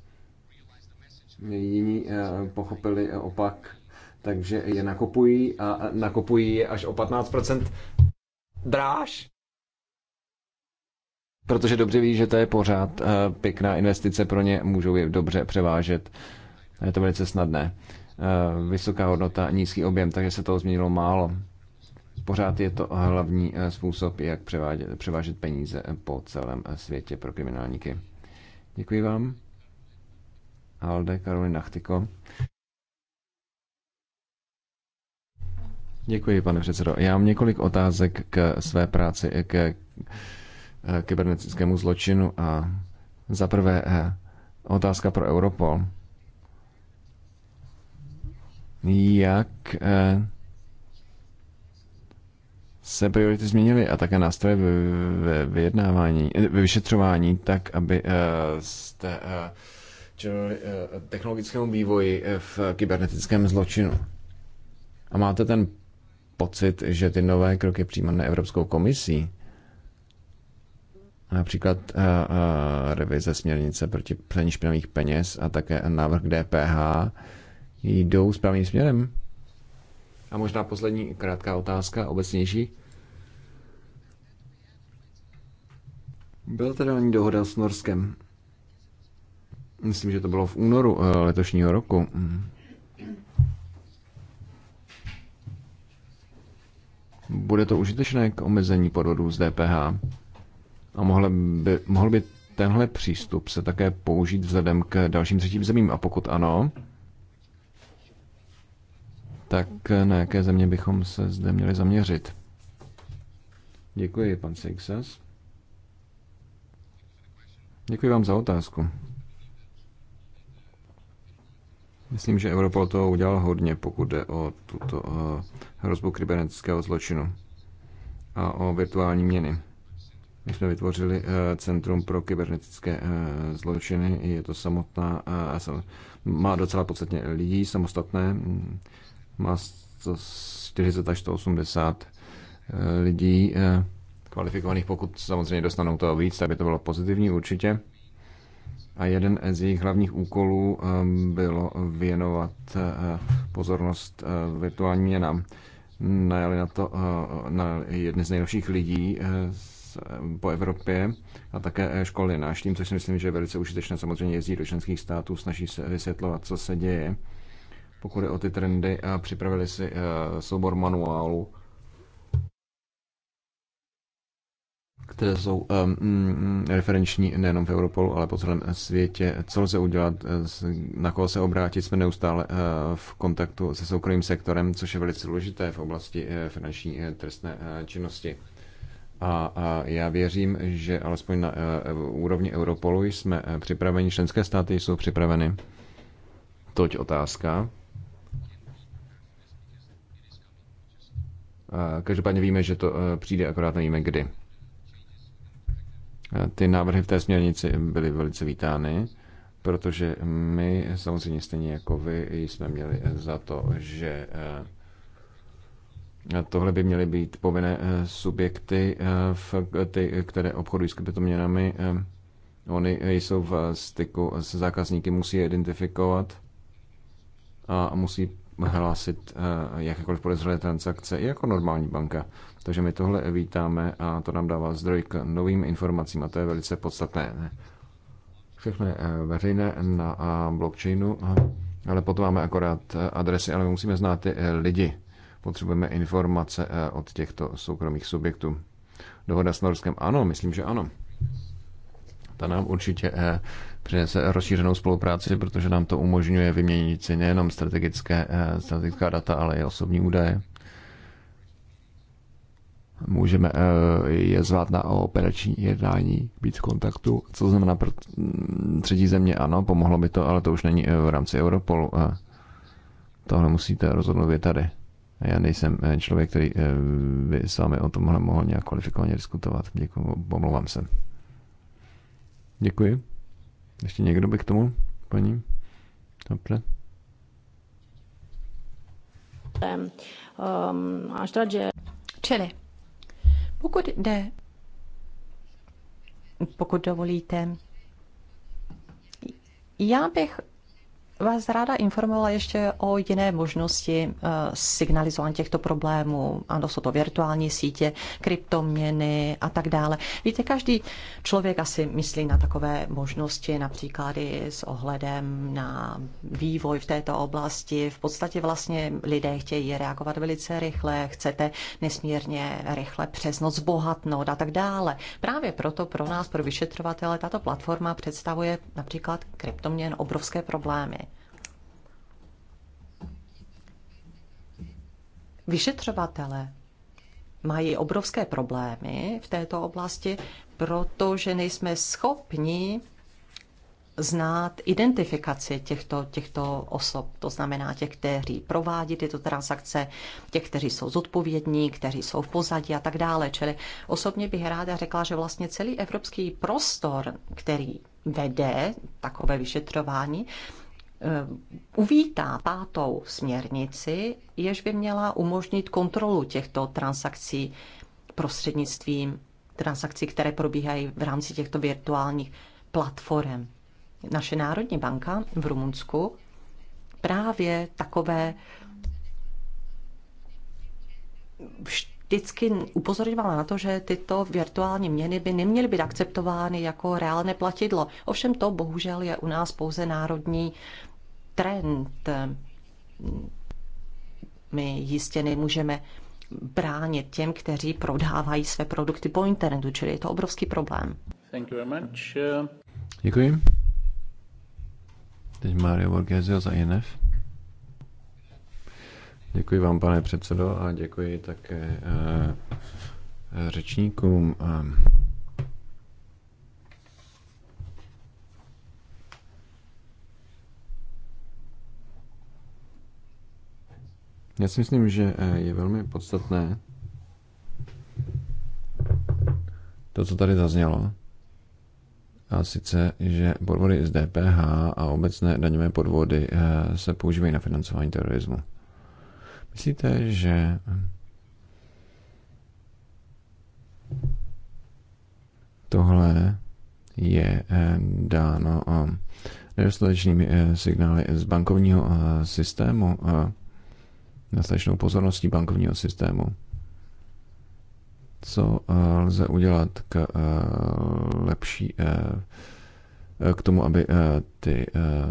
S3: Jiní pochopili opak, takže je nakopují a nakopují je až o 15% dráž protože dobře ví, že to je pořád eh, pěkná investice pro ně, můžou je dobře převážet. Je to velice snadné. Eh, vysoká hodnota, nízký objem, takže se toho změnilo málo. Pořád je to hlavní eh, způsob, jak převádět, převážet peníze po celém světě pro kriminálníky. Děkuji vám. Alde, Karolina Nachtyko. Děkuji, pane předsedo. Já mám několik otázek k své práci, k Eh, kybernetickému zločinu. A za prvé eh, otázka pro Europol. Jak eh, se priority změnily a také nástroje ve vyjednávání, ve vyšetřování, tak aby jste čelili technologickému vývoji v kybernetickém zločinu. A máte ten pocit, že ty nové kroky přijímané Evropskou komisí například eh, eh, revize směrnice proti praní špinavých peněz a také návrh DPH jdou správným směrem? A možná poslední krátká otázka, obecnější. ani dohoda s Norskem. Myslím, že to bylo v únoru eh, letošního roku. Bude to užitečné k omezení podvodů z DPH? A mohl by, mohl by tenhle přístup se také použít vzhledem k dalším třetím zemím? A pokud ano, tak na jaké země bychom se zde měli zaměřit? Děkuji, pan Sixas. Děkuji vám za otázku. Myslím, že Europol to udělal hodně, pokud jde o tuto eh, hrozbu kybernetického zločinu a o virtuální měny. My jsme vytvořili eh, Centrum pro kybernetické eh, zločiny, je to samotná, eh, má docela podstatně lidí samostatné, mm, má 40 až 180 lidí kvalifikovaných, pokud samozřejmě dostanou toho víc, tak by to bylo pozitivní určitě. A jeden z jejich hlavních úkolů bylo věnovat pozornost virtuálním měnám. Najali na to na jedny z nejlepších lidí z Eh, po Evropě a také eh, školy náš tým, což si myslím, že je velice užitečné. Samozřejmě jezdí do členských států, snaží se vysvětlovat, co se děje, pokud je o ty trendy a připravili si eh, soubor manuálu, které jsou um, um, referenční nejenom v Europolu, ale po celém světě. Co lze udělat, na koho se obrátit, jsme neustále uh, v kontaktu se soukromým sektorem, což je velice důležité v oblasti uh, finanční uh, trestné uh, činnosti. A, a já věřím, že alespoň na uh, úrovni Europolu jsme e, připraveni, členské státy jsou připraveny. Toť otázka. E, každopádně víme, že to přijde, akorát nevíme kdy. Ty návrhy v té směrnici byly velice vítány, protože my samozřejmě stejně jako vy jsme měli za to, že Tohle by měly být povinné eh, subjekty, eh, v ty, které obchodují s kryptoměnami. Eh, oni jsou v styku s zákazníky, musí je identifikovat a musí hlásit jakékoliv podezřelé transakce i jako normální banka. Takže my tohle vítáme a to nám dává zdroj k novým informacím a to je velice podstatné. Všechno je veřejné na blockchainu, ale potom máme akorát adresy, ale my musíme znát ty lidi potřebujeme informace eh, od těchto soukromých subjektů. Dohoda s Norskem? Ano, myslím, že ano. Ta nám určitě eh, přinese rozšířenou spolupráci, protože nám to umožňuje vyměnit si nejenom strategické, eh, strategická data, ale i osobní údaje. Můžeme je zvát na operační jednání, být v kontaktu, co znamená pro mm, třetí země, ano, pomohlo by to, ale to už není v rámci Europolu. Tohle musíte rozhodnout vy tady. Já nejsem eh, člověk, který eh, by s vámi o tomhle mohl nějak kvalifikovaně diskutovat. Děkuji, pomlouvám se. Děkuji. Ještě někdo by k tomu, paní? Dobře.
S2: Až že... Čili, pokud jde, pokud dovolíte, já bych vás ráda informovala ještě o jiné možnosti eh, signalizování těchto problémů. Ano, jsou to virtuální sítě, kryptoměny a tak dále. Víte, každý člověk asi myslí na takové možnosti, například i s ohledem na vývoj v této oblasti. V podstatě vlastně lidé chtějí reagovat velice rychle, chcete nesmírně rychle přes noc bohatnout a tak dále. Právě proto pro nás, pro vyšetřovatele, tato platforma představuje například kryptoměn obrovské problémy. Vyšetřovatele mají obrovské problémy v této oblasti, protože nejsme schopni znát identifikaci těchto, těchto osob, to znamená těch, kteří provádí tyto transakce, těch, kteří jsou zodpovědní, kteří jsou v pozadí a tak dále. Čili osobně bych ráda řekla, že vlastně celý evropský prostor, který vede takové vyšetřování, Eh, uvítá pátou směrnici, jež by měla umožnit kontrolu těchto transakcí prostřednictvím transakcí, které probíhají v rámci těchto virtuálních platform. Naše Národní banka v Rumunsku právě takové vždycky upozorňovala na to, že tyto virtuální měny by neměly být akceptovány jako reálné platidlo. Ovšem to bohužel je u nás pouze národní trend. My jistě nemůžeme bránit těm, kteří prodávají své produkty po internetu, čili je to obrovský problém. Thank you very much.
S3: Děkuji. Teď Mario Borgesio za INF. Děkuji vám, pane předsedo, a děkuji také eh, řečníkům. Já si myslím, že eh, je velmi podstatné to, co tady zaznělo, a sice, že podvody z DPH a obecné daňové podvody eh, se používají na financování terorismu. Myslíte, že tohle je eh, dáno nedostatečnými signály z bankovního systému? nastačnou pozorností bankovního systému. Co eh, lze udělat k eh, lepší eh, k tomu, aby ty,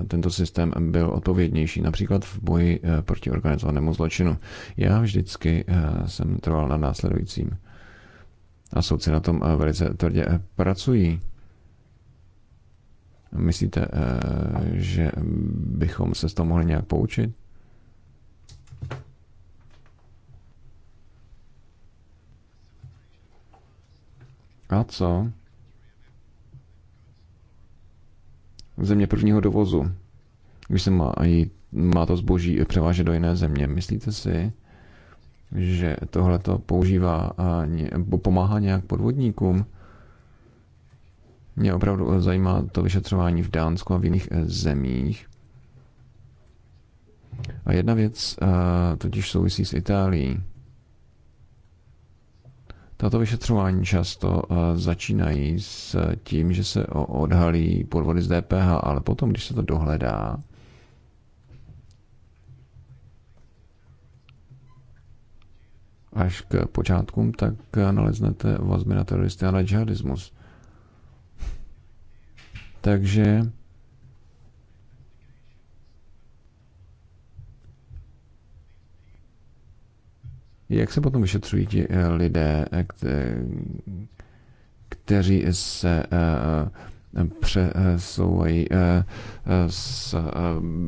S3: tento systém byl odpovědnější, například v boji proti organizovanému zločinu. Já vždycky jsem trval na následujícím. A soudci na tom velice tvrdě pracují. Myslíte, že bychom se z toho mohli nějak poučit? A co? Země prvního dovozu. Když se má, má to zboží převážet do jiné země, myslíte si, že tohle to používá a pomáhá nějak podvodníkům? Mě opravdu zajímá to vyšetřování v Dánsku a v jiných eh, zemích. A jedna věc eh, totiž souvisí s Itálií. Tato vyšetřování často eh, začínají s tím, že se odhalí podvody z DPH, ale potom, když se to dohledá, až k počátkům, tak eh, naleznete vazby na teroristy a na džihadismus. Takže Jak se potom vyšetřují ti eh, lidé, eh, kteří se eh, přesouvají z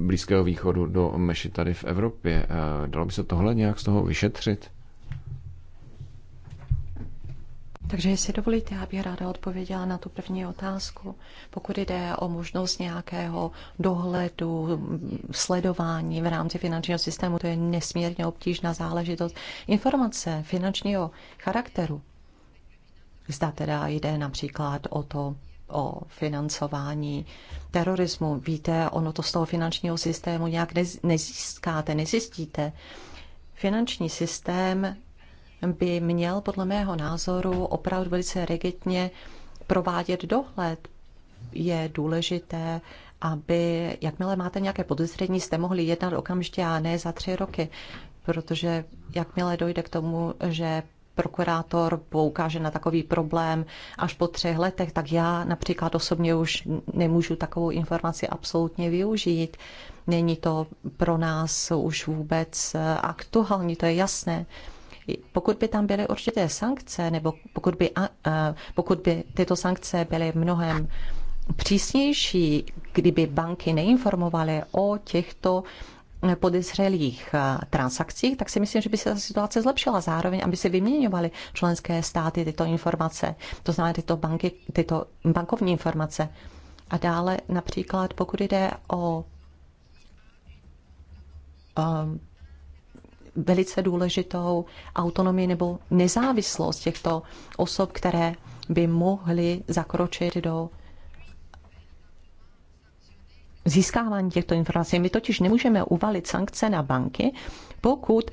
S3: Blízkého východu do meši tady v Evropě? Dalo by se tohle nějak z toho vyšetřit?
S2: Takže jestli dovolíte, já bych ráda odpověděla na tu první otázku. Pokud jde o možnost nějakého dohledu, sledování v rámci finančního systému, to je nesmírně obtížná záležitost. Informace finančního charakteru, zda teda jde například o to, o financování terorismu. Víte, ono to z toho finančního systému nějak nezískáte, nezjistíte. Finanční systém by měl podle mého názoru opravdu velice rigidně provádět dohled. Je důležité, aby jakmile máte nějaké podezření, jste mohli jednat okamžitě a ne za tři roky, protože jakmile dojde k tomu, že prokurátor poukáže na takový problém až po třech letech, tak já například osobně už nemůžu takovou informaci absolutně využít. Není to pro nás už vůbec aktuální, to je jasné. Pokud by tam byly určité sankce, nebo pokud by, pokud by tyto sankce byly mnohem přísnější, kdyby banky neinformovaly o těchto podezřelých transakcích, tak si myslím, že by se ta situace zlepšila. Zároveň, aby si vyměňovaly členské státy tyto informace, to znamená tyto, banky, tyto bankovní informace. A dále například, pokud jde o um, velice důležitou autonomii nebo nezávislost těchto osob, které by mohly zakročit do získávání těchto informací. My totiž nemůžeme uvalit sankce na banky, pokud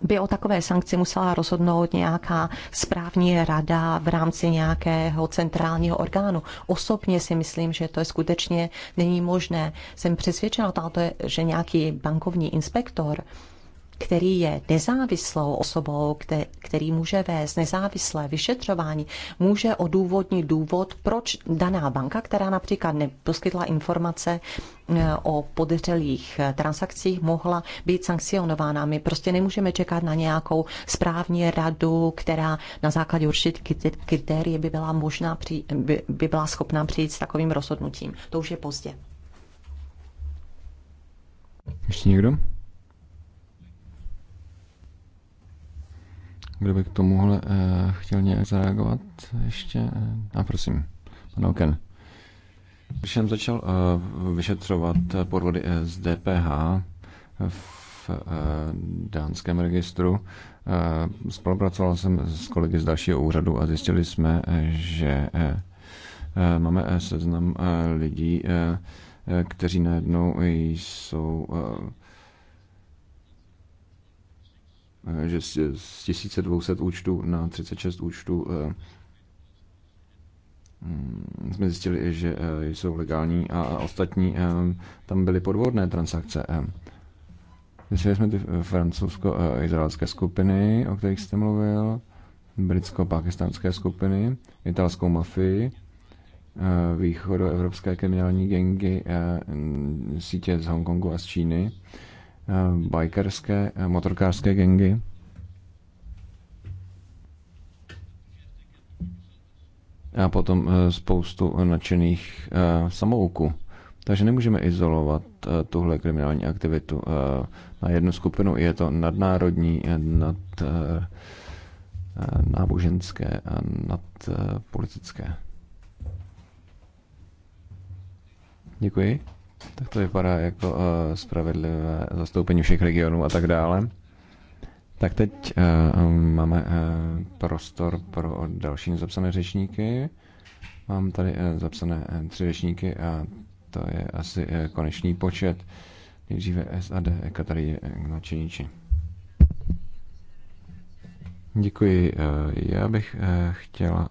S2: by o takové sankci musela rozhodnout nějaká správní rada v rámci nějakého centrálního orgánu. Osobně si myslím, že to je skutečně není možné. Jsem přesvědčena, že nějaký bankovní inspektor který je nezávislou osobou, který může vést nezávislé vyšetřování, může odůvodnit důvod, proč daná banka, která například neposkytla informace eh, o podezřelých eh, transakcích, mohla být sankcionována. My prostě nemůžeme čekat na nějakou správní radu, která na základě určitých kritérií by byla, možná, by, by byla schopná přijít s takovým rozhodnutím. To už je pozdě.
S3: Ještě někdo? Kdo by k tomuhle eh, chtěl nějak zareagovat ještě? Eh, a prosím, pan Oken. Když jsem začal eh, vyšetřovat podvody z DPH v dánském registru, spolupracoval jsem s kolegy z dalšího úřadu a zjistili jsme, že máme seznam lidí, kteří najednou jsou Eh, že z 1200 účtů na 36 účtů eh, mm, jsme zjistili, že eh, jsou legální a ostatní tam byly podvodné transakce. Zjistili jsme ty francouzsko-izraelské skupiny, o kterých jste mluvil, britsko-pakistánské skupiny, italskou mafii, východoevropské kriminální gengy, sítě z Hongkongu a z Číny. Eh, bikerské, eh, motorkářské gengy. A potom eh, spoustu nadšených samouků. Takže nemůžeme izolovat tuhle kriminální aktivitu na jednu skupinu. Je to nadnárodní, nad náboženské a nad politické. Děkuji tak to vypadá jako uh, spravedlivé zastoupení všech regionů a tak dále. Tak teď uh, máme uh, prostor pro další zapsané řečníky. Mám tady uh, zapsané tři řečníky a to je asi uh, konečný počet. Nejdříve SAD Katarína Čeníči. Děkuji. Já bych chtěla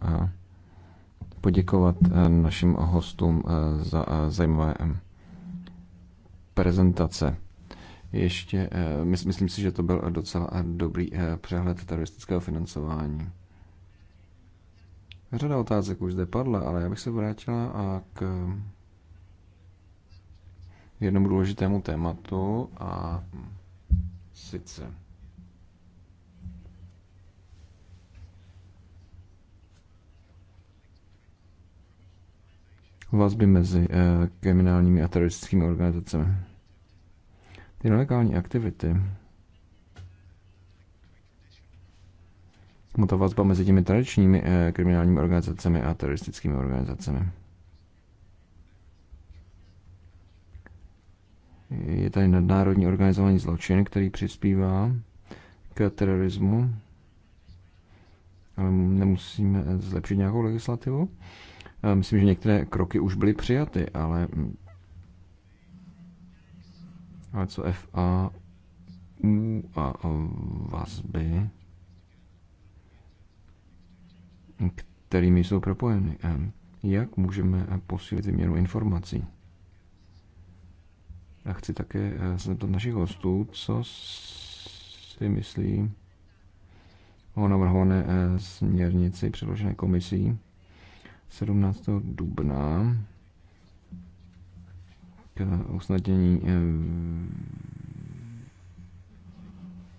S3: poděkovat našim hostům za zajímavé prezentace. Ještě, eh, myslím si, že to byl docela eh, dobrý eh, přehled teroristického financování. Řada otázek už zde padla, ale já bych se vrátila a k jednomu důležitému tématu a sice vazby mezi eh, kriminálními a teroristickými organizacemi. Ty nelegální aktivity, ta vazba mezi těmi tradičními eh, kriminálními organizacemi a teroristickými organizacemi. Je tady nadnárodní organizovaný zločin, který přispívá k terorismu, ale nemusíme zlepšit nějakou legislativu. Eh, myslím, že některé kroky už byly přijaty, ale, hm. ale co a U a vazby, kterými jsou propojeny. Eh, jak můžeme eh, posílit změnu informací? A chci také se zeptat našich hostů, co si myslí o navrhované směrnici předložené komisí 17. dubna k usnadnění eh,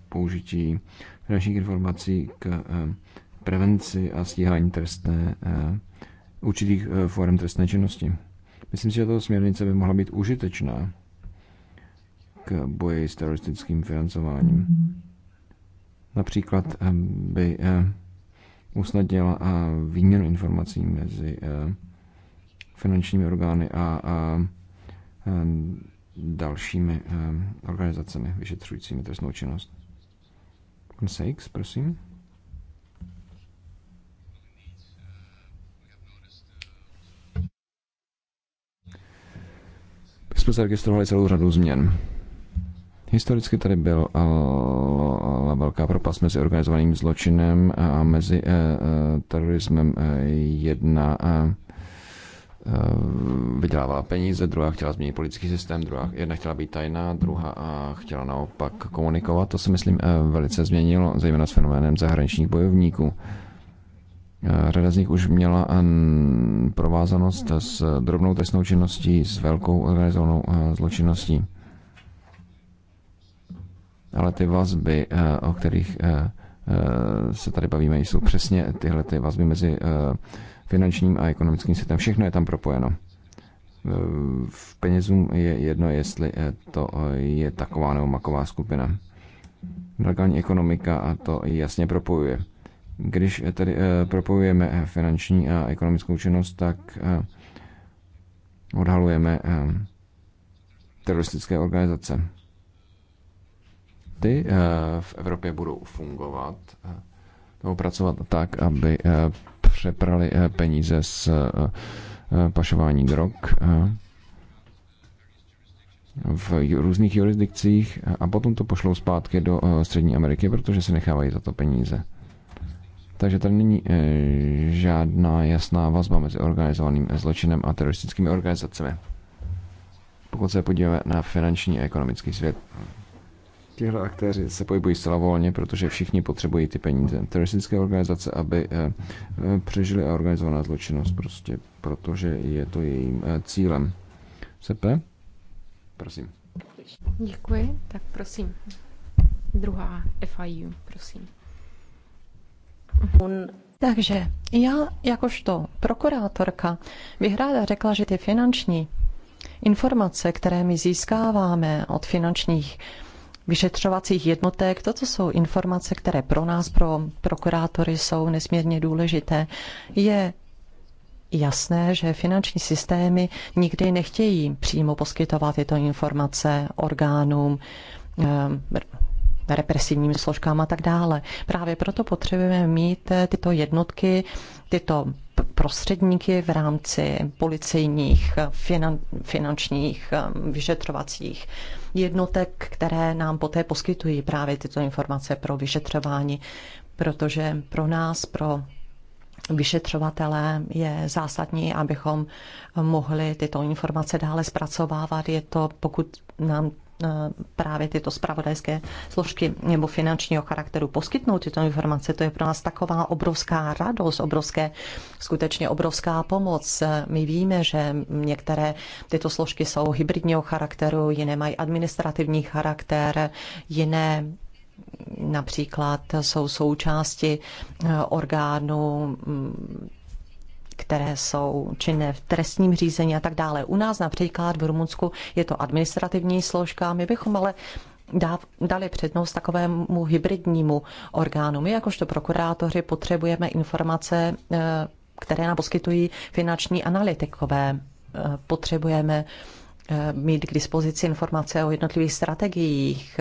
S3: použití finančních informací k eh, prevenci a stíhání trestné, eh, určitých forem trestné činnosti. Myslím si, že tato směrnice by mohla být užitečná k boji s teroristickým financováním. Například by usnadnila výměnu informací mezi eh, finančními orgány a dalšími eh, organizacemi vyšetřujícími trestnou činnost. Pan Seix, prosím. jsme zaregistrovali celou řadu změn. Historicky tady byla eh, velká propast mezi organizovaným zločinem a mezi eh, eh, terorismem. Jedna vydělávala peníze, druhá chtěla změnit politický systém, druhá jedna chtěla být tajná, druhá a chtěla naopak komunikovat. To se, myslím, velice změnilo, zejména s fenoménem zahraničních bojovníků. Řada z nich už měla provázanost s drobnou trestnou činností, s velkou organizovanou zločinností ale ty vazby, eh, o kterých eh, eh, se tady bavíme, jsou přesně tyhle ty vazby mezi finančním a ekonomickým světem. Všechno je tam propojeno. V penězům je jedno, jestli to je taková nebo maková skupina. Nelegální ekonomika a to jasně propojuje. Když tedy propojujeme finanční a ekonomickou činnost, tak odhalujeme teroristické organizace státy eh, v Evropě budou fungovat nebo eh, pracovat tak, aby eh, přeprali peníze z pašování drog v různých jurisdikcích a potom to pošlou zpátky do Střední Ameriky, protože se nechávají za to peníze. Takže tady není žádná jasná vazba mezi organizovaným zločinem a teroristickými organizacemi. Pokud se podíváme na finanční a ekonomický svět, Tihle aktéři se pohybují zcela volně, protože všichni potřebují ty peníze. Teroristické organizace, aby eh, eh, přežily a organizovaná zločinnost, prostě protože je to jejím eh, cílem. Sepe?
S2: Prosím.
S1: Děkuji, tak prosím. Druhá FIU, prosím.
S2: Takže já jakožto prokurátorka bych ráda řekla, že ty finanční informace, které my získáváme od finančních vyšetřovacích jednotek. Toto jsou informace, které pro nás, pro prokurátory, jsou nesmírně důležité. Je jasné, že finanční systémy nikdy nechtějí přímo poskytovat tyto informace orgánům, eh, represivním složkám a tak dále. Právě proto potřebujeme mít eh, tyto jednotky, tyto prostředníky v rámci policejních, finan, finančních, um, vyšetřovacích jednotek, které nám poté poskytují právě tyto informace pro vyšetřování, protože pro nás, pro vyšetřovatele je zásadní, abychom mohli tyto informace dále zpracovávat. Je to, pokud nám Eh, právě tyto spravodajské složky nebo finančního charakteru poskytnout tyto informace. To je pro nás taková obrovská radost, obrovské, skutečně obrovská pomoc. My víme, že některé tyto složky jsou hybridního charakteru, jiné mají administrativní charakter, jiné například jsou součásti eh, orgánů mm, které jsou činné v trestním řízení a tak dále. U nás například v Rumunsku je to administrativní složka, my bychom ale dali přednost takovému hybridnímu orgánu. My jakožto prokurátoři potřebujeme informace, eh, které nám poskytují finanční analytikové. Eh, potřebujeme eh, mít k dispozici informace o jednotlivých strategiích.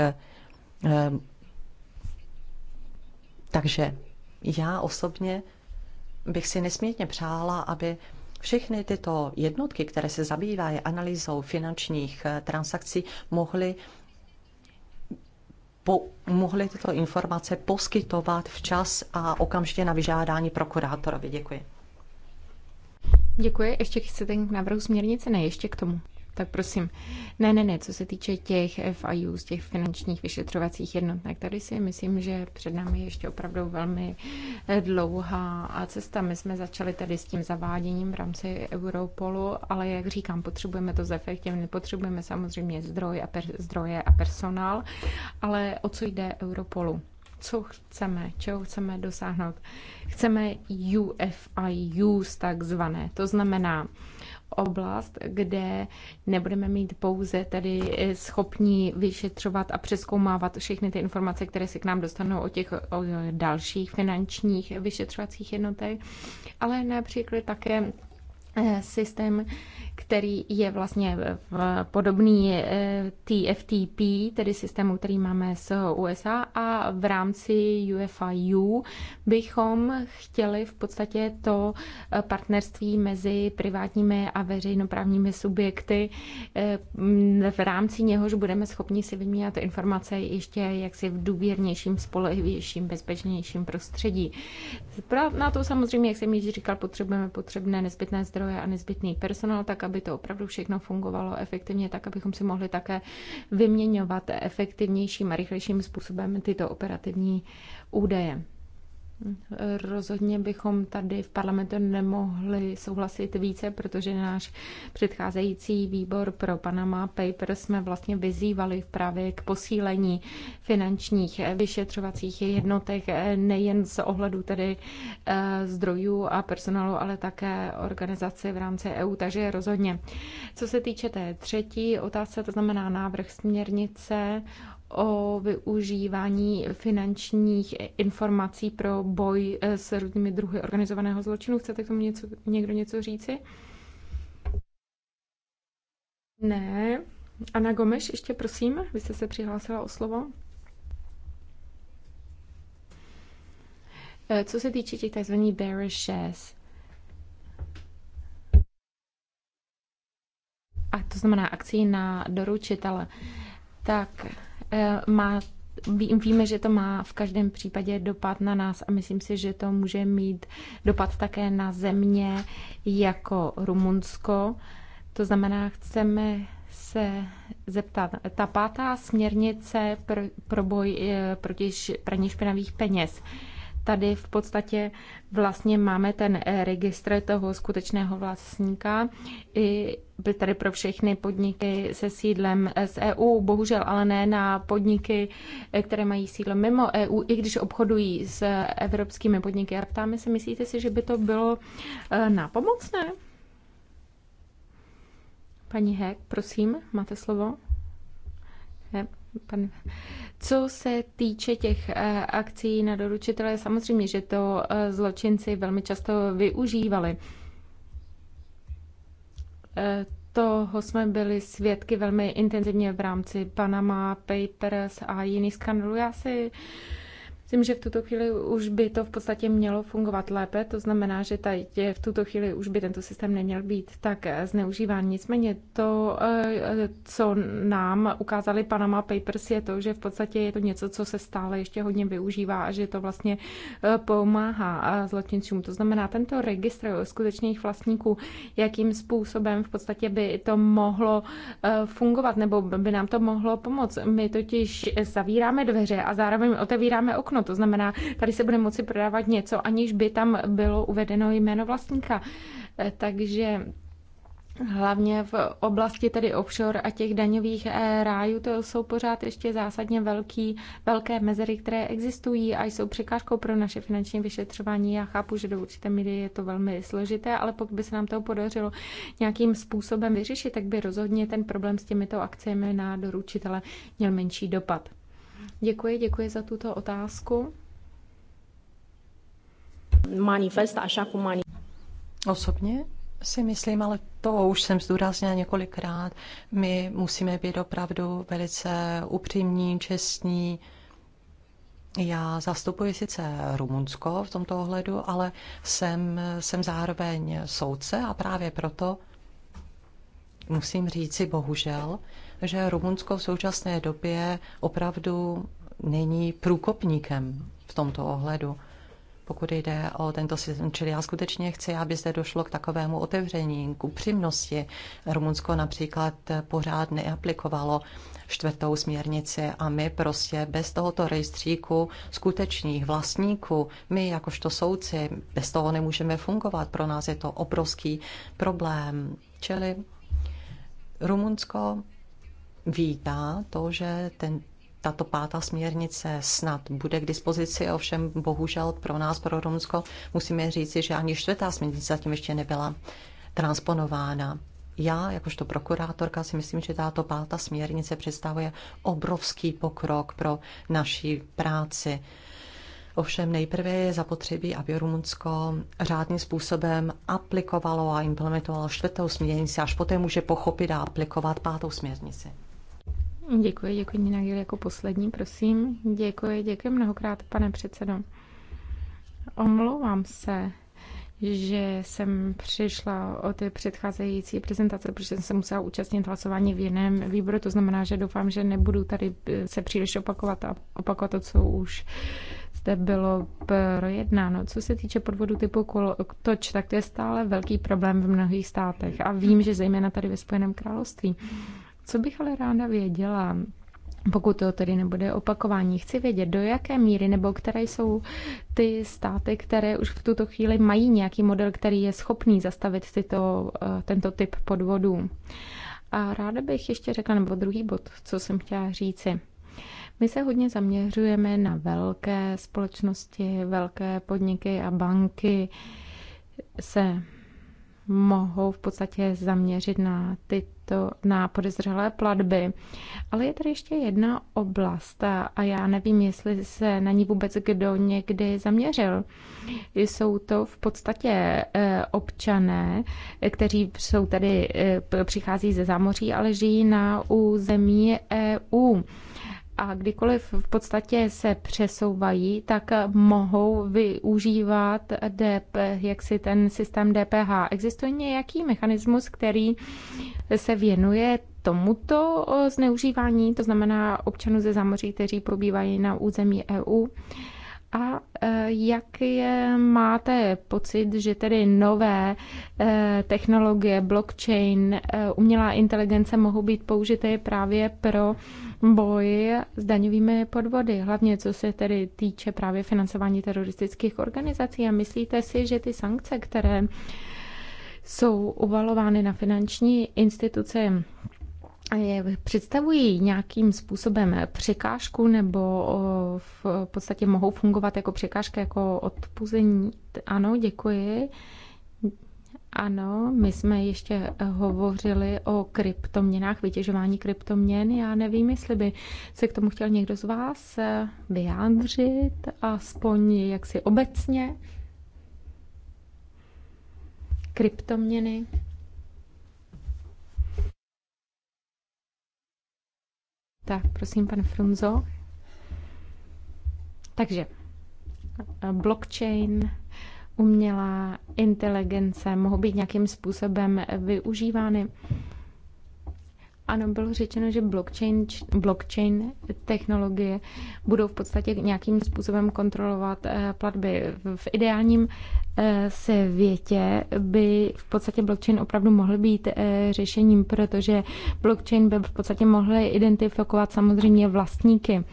S2: Takže já osobně bych si nesmírně přála, aby všechny tyto jednotky, které se zabývají analýzou finančních eh, transakcí, mohly po, mohly tyto informace poskytovat včas a okamžitě na vyžádání prokurátorovi. Děkuji.
S1: Děkuji. Ještě chcete k návrhu směrnice? Ne, ještě k tomu. Tak prosím. Ne, ne, ne, co se týče těch FIU, z těch finančních vyšetřovacích jednotek, tady si myslím, že před námi je ještě opravdu velmi eh, dlouhá cesta. My jsme začali tady s tím zaváděním v rámci Europolu, ale jak říkám, potřebujeme to zefektivnit, potřebujeme samozřejmě zdroj a per, zdroje a personál, ale o co jde Europolu? co chceme, čeho chceme dosáhnout. Chceme UFIUs takzvané, to znamená oblast, kde nebudeme mít pouze tedy eh, schopní vyšetřovat a přeskoumávat všechny ty informace, které se k nám dostanou o těch o dalších finančních vyšetřovacích jednotek, ale například také Eh, systém, který je vlastně podobný eh, TFTP, tedy systému, který máme z USA a v rámci UFIU bychom chtěli v podstatě to eh, partnerství mezi privátními a veřejnoprávními subjekty v rámci něhož budeme schopni si vyměnit informace ještě jaksi v důvěrnějším, spolehlivějším, bezpečnějším prostředí. Na to samozřejmě, jak jsem již říkal, potřebujeme potřebné nezbytné zdroje zdroje a nezbytný personál, tak aby to opravdu všechno fungovalo efektivně, tak abychom si mohli také vyměňovat efektivnějším a rychlejším způsobem tyto operativní údaje. Rozhodně bychom tady v parlamentu nemohli souhlasit více, protože náš předcházející výbor pro Panama Papers jsme vlastně vyzývali právě k posílení finančních vyšetřovacích jednotek eh, nejen z ohledu tedy eh, zdrojů a personálu, ale také organizace v rámci EU, takže rozhodně. Co se týče té třetí otázce, to znamená návrh směrnice o využívání finančních informací pro boj eh, s různými druhy organizovaného zločinu. Chcete k tomu něco, někdo něco říci? Ne. Ana Gomeš, ještě prosím, vy jste se přihlásila o slovo. Eh, co se týče těch tzv. Bearish shares, a to znamená akcí na doručitele, tak Eh, má ví, víme, že to má v každém případě dopad na nás a myslím si, že to může mít dopad také na země jako Rumunsko. To znamená, chceme se zeptat. Ta pátá směrnice pro, pro boj eh, proti praní špinavých peněz tady v podstatě vlastně máme ten eh, registr toho skutečného vlastníka i tady pro všechny podniky se sídlem eh, z EU, bohužel ale ne na podniky, eh, které mají sídlo mimo EU, i když obchodují s evropskými podniky. A ptáme se, myslíte si, že by to bylo nápomocné? Paní Hek, prosím, máte slovo. Ne pan. Co se týče těch eh, akcí na doručitele, samozřejmě, že to eh, zločinci velmi často využívali. Eh, toho jsme byli svědky velmi intenzivně v rámci Panama Papers a jiných skandalů. Já si Myslím, že v tuto chvíli už by to v podstatě mělo fungovat lépe, to znamená, že tady v tuto chvíli už by tento systém neměl být tak eh, zneužíván. Nicméně to, eh, co nám ukázali Panama Papers, je to, že v podstatě je to něco, co se stále ještě hodně využívá a že to vlastně eh, pomáhá zločincům. To znamená, tento registr skutečných vlastníků, jakým způsobem v podstatě by to mohlo fungovat nebo by nám to mohlo pomoct. My totiž zavíráme dveře a zároveň otevíráme okno to znamená, tady se bude moci prodávat něco, aniž by tam bylo uvedeno jméno vlastníka. Eh, takže hlavně v oblasti tedy offshore a těch daňových eh, rájů, to jsou pořád ještě zásadně velký, velké mezery, které existují a jsou překážkou pro naše finanční vyšetřování. Já chápu, že do určité míry je to velmi složité, ale pokud by se nám to podařilo nějakým způsobem vyřešit, tak by rozhodně ten problém s těmito akcemi na doručitele měl menší dopad. Děkuji, děkuji za tuto otázku. Manifest, așa cum mani...
S2: Osobně si myslím, ale to už jsem zdůraznila několikrát, my musíme být opravdu velice upřímní, čestní, já zastupuji sice Rumunsko v tomto ohledu, ale jsem, jsem zároveň soudce a právě proto musím říci bohužel, že Rumunsko v současné době opravdu není průkopníkem v tomto ohledu, pokud jde o tento systém. Čili já skutečně chci, aby zde došlo k takovému otevření, k upřímnosti. Rumunsko například pořád neaplikovalo čtvrtou směrnici a my prostě bez tohoto rejstříku skutečných vlastníků, my jakožto souci, bez toho nemůžeme fungovat. Pro nás je to obrovský problém. Čili Rumunsko vítá to, že ten, tato pátá směrnice snad bude k dispozici, ovšem bohužel pro nás, pro Rumunsko, musíme říci, že ani čtvrtá směrnice zatím ještě nebyla transponována. Já, jakožto prokurátorka, si myslím, že tato pátá směrnice představuje obrovský pokrok pro naši práci. Ovšem nejprve je zapotřebí, aby Rumunsko řádným způsobem aplikovalo a implementovalo čtvrtou směrnici, až poté může pochopit a aplikovat pátou směrnici.
S1: Děkuji, děkuji Nina Gil jako poslední, prosím. Děkuji, děkuji mnohokrát, pane předsedo. Omlouvám se, že jsem přišla o ty předcházející prezentace, protože jsem se musela účastnit hlasování v jiném výboru, to znamená, že doufám, že nebudu tady se příliš opakovat a opakovat to, co už zde bylo projednáno. Co se týče podvodu typu toč, tak to je stále velký problém v mnohých státech a vím, že zejména tady ve Spojeném království. Co bych ale ráda věděla, pokud to tedy nebude opakování, chci vědět, do jaké míry nebo které jsou ty státy, které už v tuto chvíli mají nějaký model, který je schopný zastavit tyto, eh, tento typ podvodů. A ráda bych ještě řekla, nebo druhý bod, co jsem chtěla říci. My se hodně zaměřujeme na velké společnosti, velké podniky a banky se mohou v podstatě zaměřit na tyto, na podezřelé platby. Ale je tady ještě jedna oblast a já nevím, jestli se na ní vůbec kdo někdy zaměřil. Jsou to v podstatě eh, občané, kteří jsou tady, eh, přichází ze zámoří, ale žijí na území EU a kdykoliv v podstatě se přesouvají, tak mohou využívat DP, jak si ten systém DPH. Existuje nějaký mechanismus, který se věnuje tomuto zneužívání, to znamená občanů ze zámoří, kteří pobývají na území EU? A e, jak je, máte pocit, že tedy nové e, technologie, blockchain, e, umělá inteligence mohou být použité právě pro boj s daňovými podvody, hlavně co se tedy týče právě financování teroristických organizací. A myslíte si, že ty sankce, které jsou uvalovány na finanční instituce, představují nějakým způsobem překážku nebo v podstatě mohou fungovat jako překážka, jako odpuzení? Ano, děkuji. Ano, my jsme ještě eh, hovořili o kryptoměnách, vytěžování kryptoměn. Já nevím, jestli by se k tomu chtěl někdo z vás eh, vyjádřit, aspoň jaksi obecně. Kryptoměny. Tak, prosím, pan Frunzo. Takže eh, blockchain, umělá inteligence mohou být nějakým způsobem využívány. Ano, bylo řečeno, že blockchain, blockchain technologie budou v podstatě nějakým způsobem kontrolovat eh, platby. V ideálním eh, světě by v podstatě blockchain opravdu mohl být eh, řešením, protože blockchain by v podstatě mohl identifikovat samozřejmě vlastníky.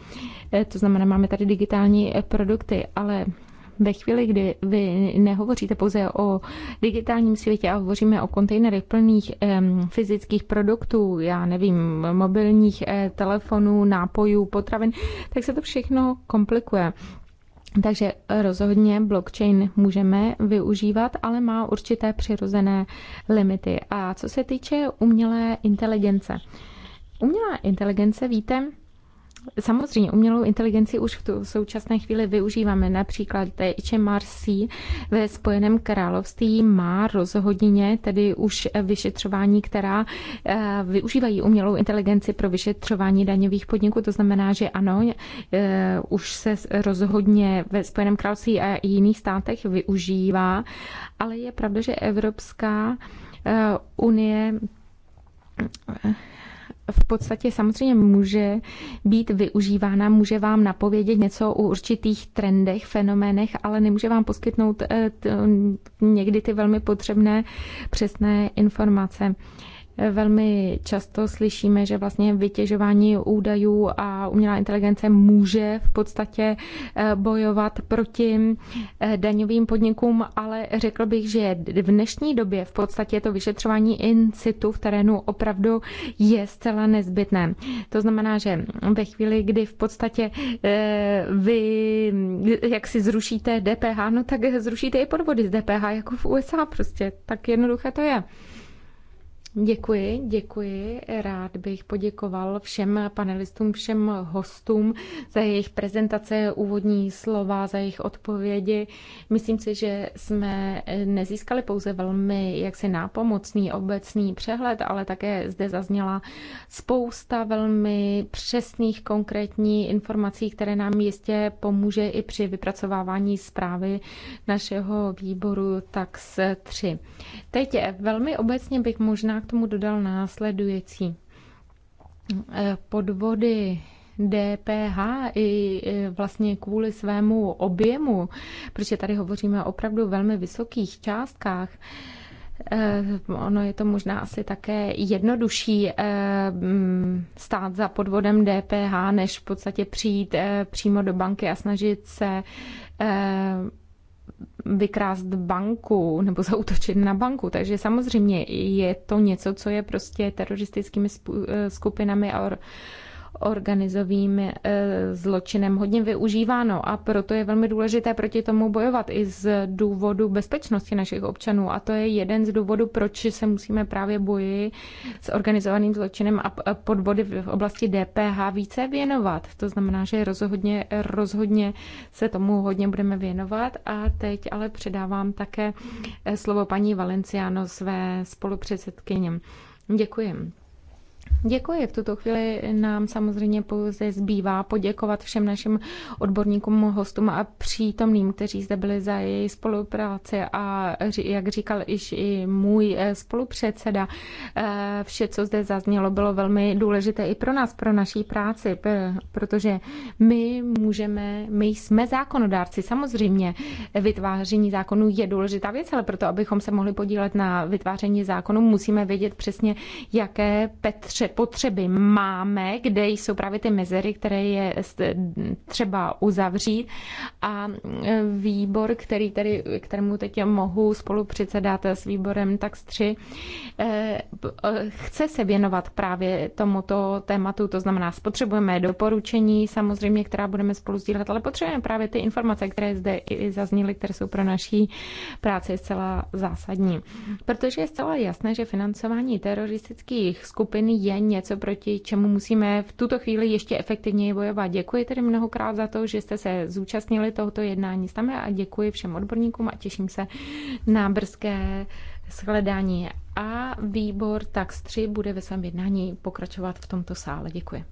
S1: To znamená, máme tady digitální produkty, ale ve chvíli, kdy vy nehovoříte pouze o digitálním světě a hovoříme o kontejnerech plných fyzických produktů, já nevím, mobilních eh, telefonů, nápojů, potravin, tak se to všechno komplikuje. Takže rozhodně blockchain můžeme využívat, ale má určité přirozené limity. A co se týče umělé inteligence. Umělá inteligence, víte, Samozřejmě umělou inteligenci už v tu současné chvíli využíváme. Například HMRC ve Spojeném království má rozhodně tedy už vyšetřování, která eh, využívají umělou inteligenci pro vyšetřování daňových podniků. To znamená, že ano, eh, už se rozhodně ve Spojeném království a jiných státech využívá, ale je pravda, že Evropská eh, unie v podstatě samozřejmě může být využívána, může vám napovědět něco o určitých trendech, fenoménech, ale nemůže vám poskytnout eh, někdy ty velmi potřebné přesné informace. Velmi často slyšíme, že vlastně vytěžování údajů a umělá inteligence může v podstatě eh, bojovat proti eh, daňovým podnikům, ale řekl bych, že v dnešní době v podstatě to vyšetřování in situ v terénu opravdu je zcela nezbytné. To znamená, že ve chvíli, kdy v podstatě eh, vy, jak si zrušíte DPH, no tak zrušíte i podvody z DPH, jako v USA prostě. Tak jednoduché to je. Děkuji, děkuji. Rád bych poděkoval všem panelistům, všem hostům za jejich prezentace, úvodní slova, za jejich odpovědi. Myslím si, že jsme nezískali pouze velmi jaksi nápomocný obecný přehled, ale také zde zazněla spousta velmi přesných konkrétní informací, které nám jistě pomůže i při vypracovávání zprávy našeho výboru TAX 3. Teď velmi obecně bych možná k tomu dodal následující. E, podvody DPH i e, vlastně kvůli svému objemu, protože tady hovoříme o opravdu velmi vysokých částkách, e, Ono je to možná asi také jednodušší stát za podvodem DPH, než v podstatě přijít přímo do banky a snažit se vykrást banku nebo zautočit na banku. Takže samozřejmě je to něco, co je prostě teroristickými eh, skupinami a organizovým eh, zločinem hodně využíváno a proto je velmi důležité proti tomu bojovat i z důvodu bezpečnosti našich občanů a to je jeden z důvodů, proč se musíme právě boji s organizovaným zločinem a podvody v oblasti DPH více věnovat. To znamená, že rozhodně, rozhodně se tomu hodně budeme věnovat a teď ale předávám také eh, slovo paní Valenciano své spolupředsedkyně. Děkuji. Děkuji. V tuto chvíli nám samozřejmě pouze zbývá poděkovat všem našim odborníkům, hostům a přítomným, kteří zde byli za její spolupráci a jak říkal již i můj eh, spolupředseda, eh, vše, co zde zaznělo, bylo velmi důležité i pro nás, pro naší práci, protože my můžeme, my jsme zákonodárci. Samozřejmě vytváření zákonů je důležitá věc, ale proto, abychom se mohli podílet na vytváření zákonů, musíme vědět přesně, jaké Petře potřeby máme, kde jsou právě ty mezery, které je třeba uzavřít. A e, výbor, který tady, kterému teď mohu spolu předsedat s výborem tak tři, e, e, chce se věnovat právě tomuto tématu. To znamená, spotřebujeme doporučení, samozřejmě, která budeme spolu sdílet, ale potřebujeme právě ty informace, které zde i zazněly, které jsou pro naší práci zcela zásadní. Protože je zcela jasné, že financování teroristických skupin je něco, proti čemu musíme v tuto chvíli ještě efektivněji bojovat. Děkuji tedy mnohokrát za to, že jste se zúčastnili tohoto jednání s a děkuji všem odborníkům a těším se na brzké shledání. A výbor tak 3 bude ve svém jednání pokračovat v tomto sále. Děkuji.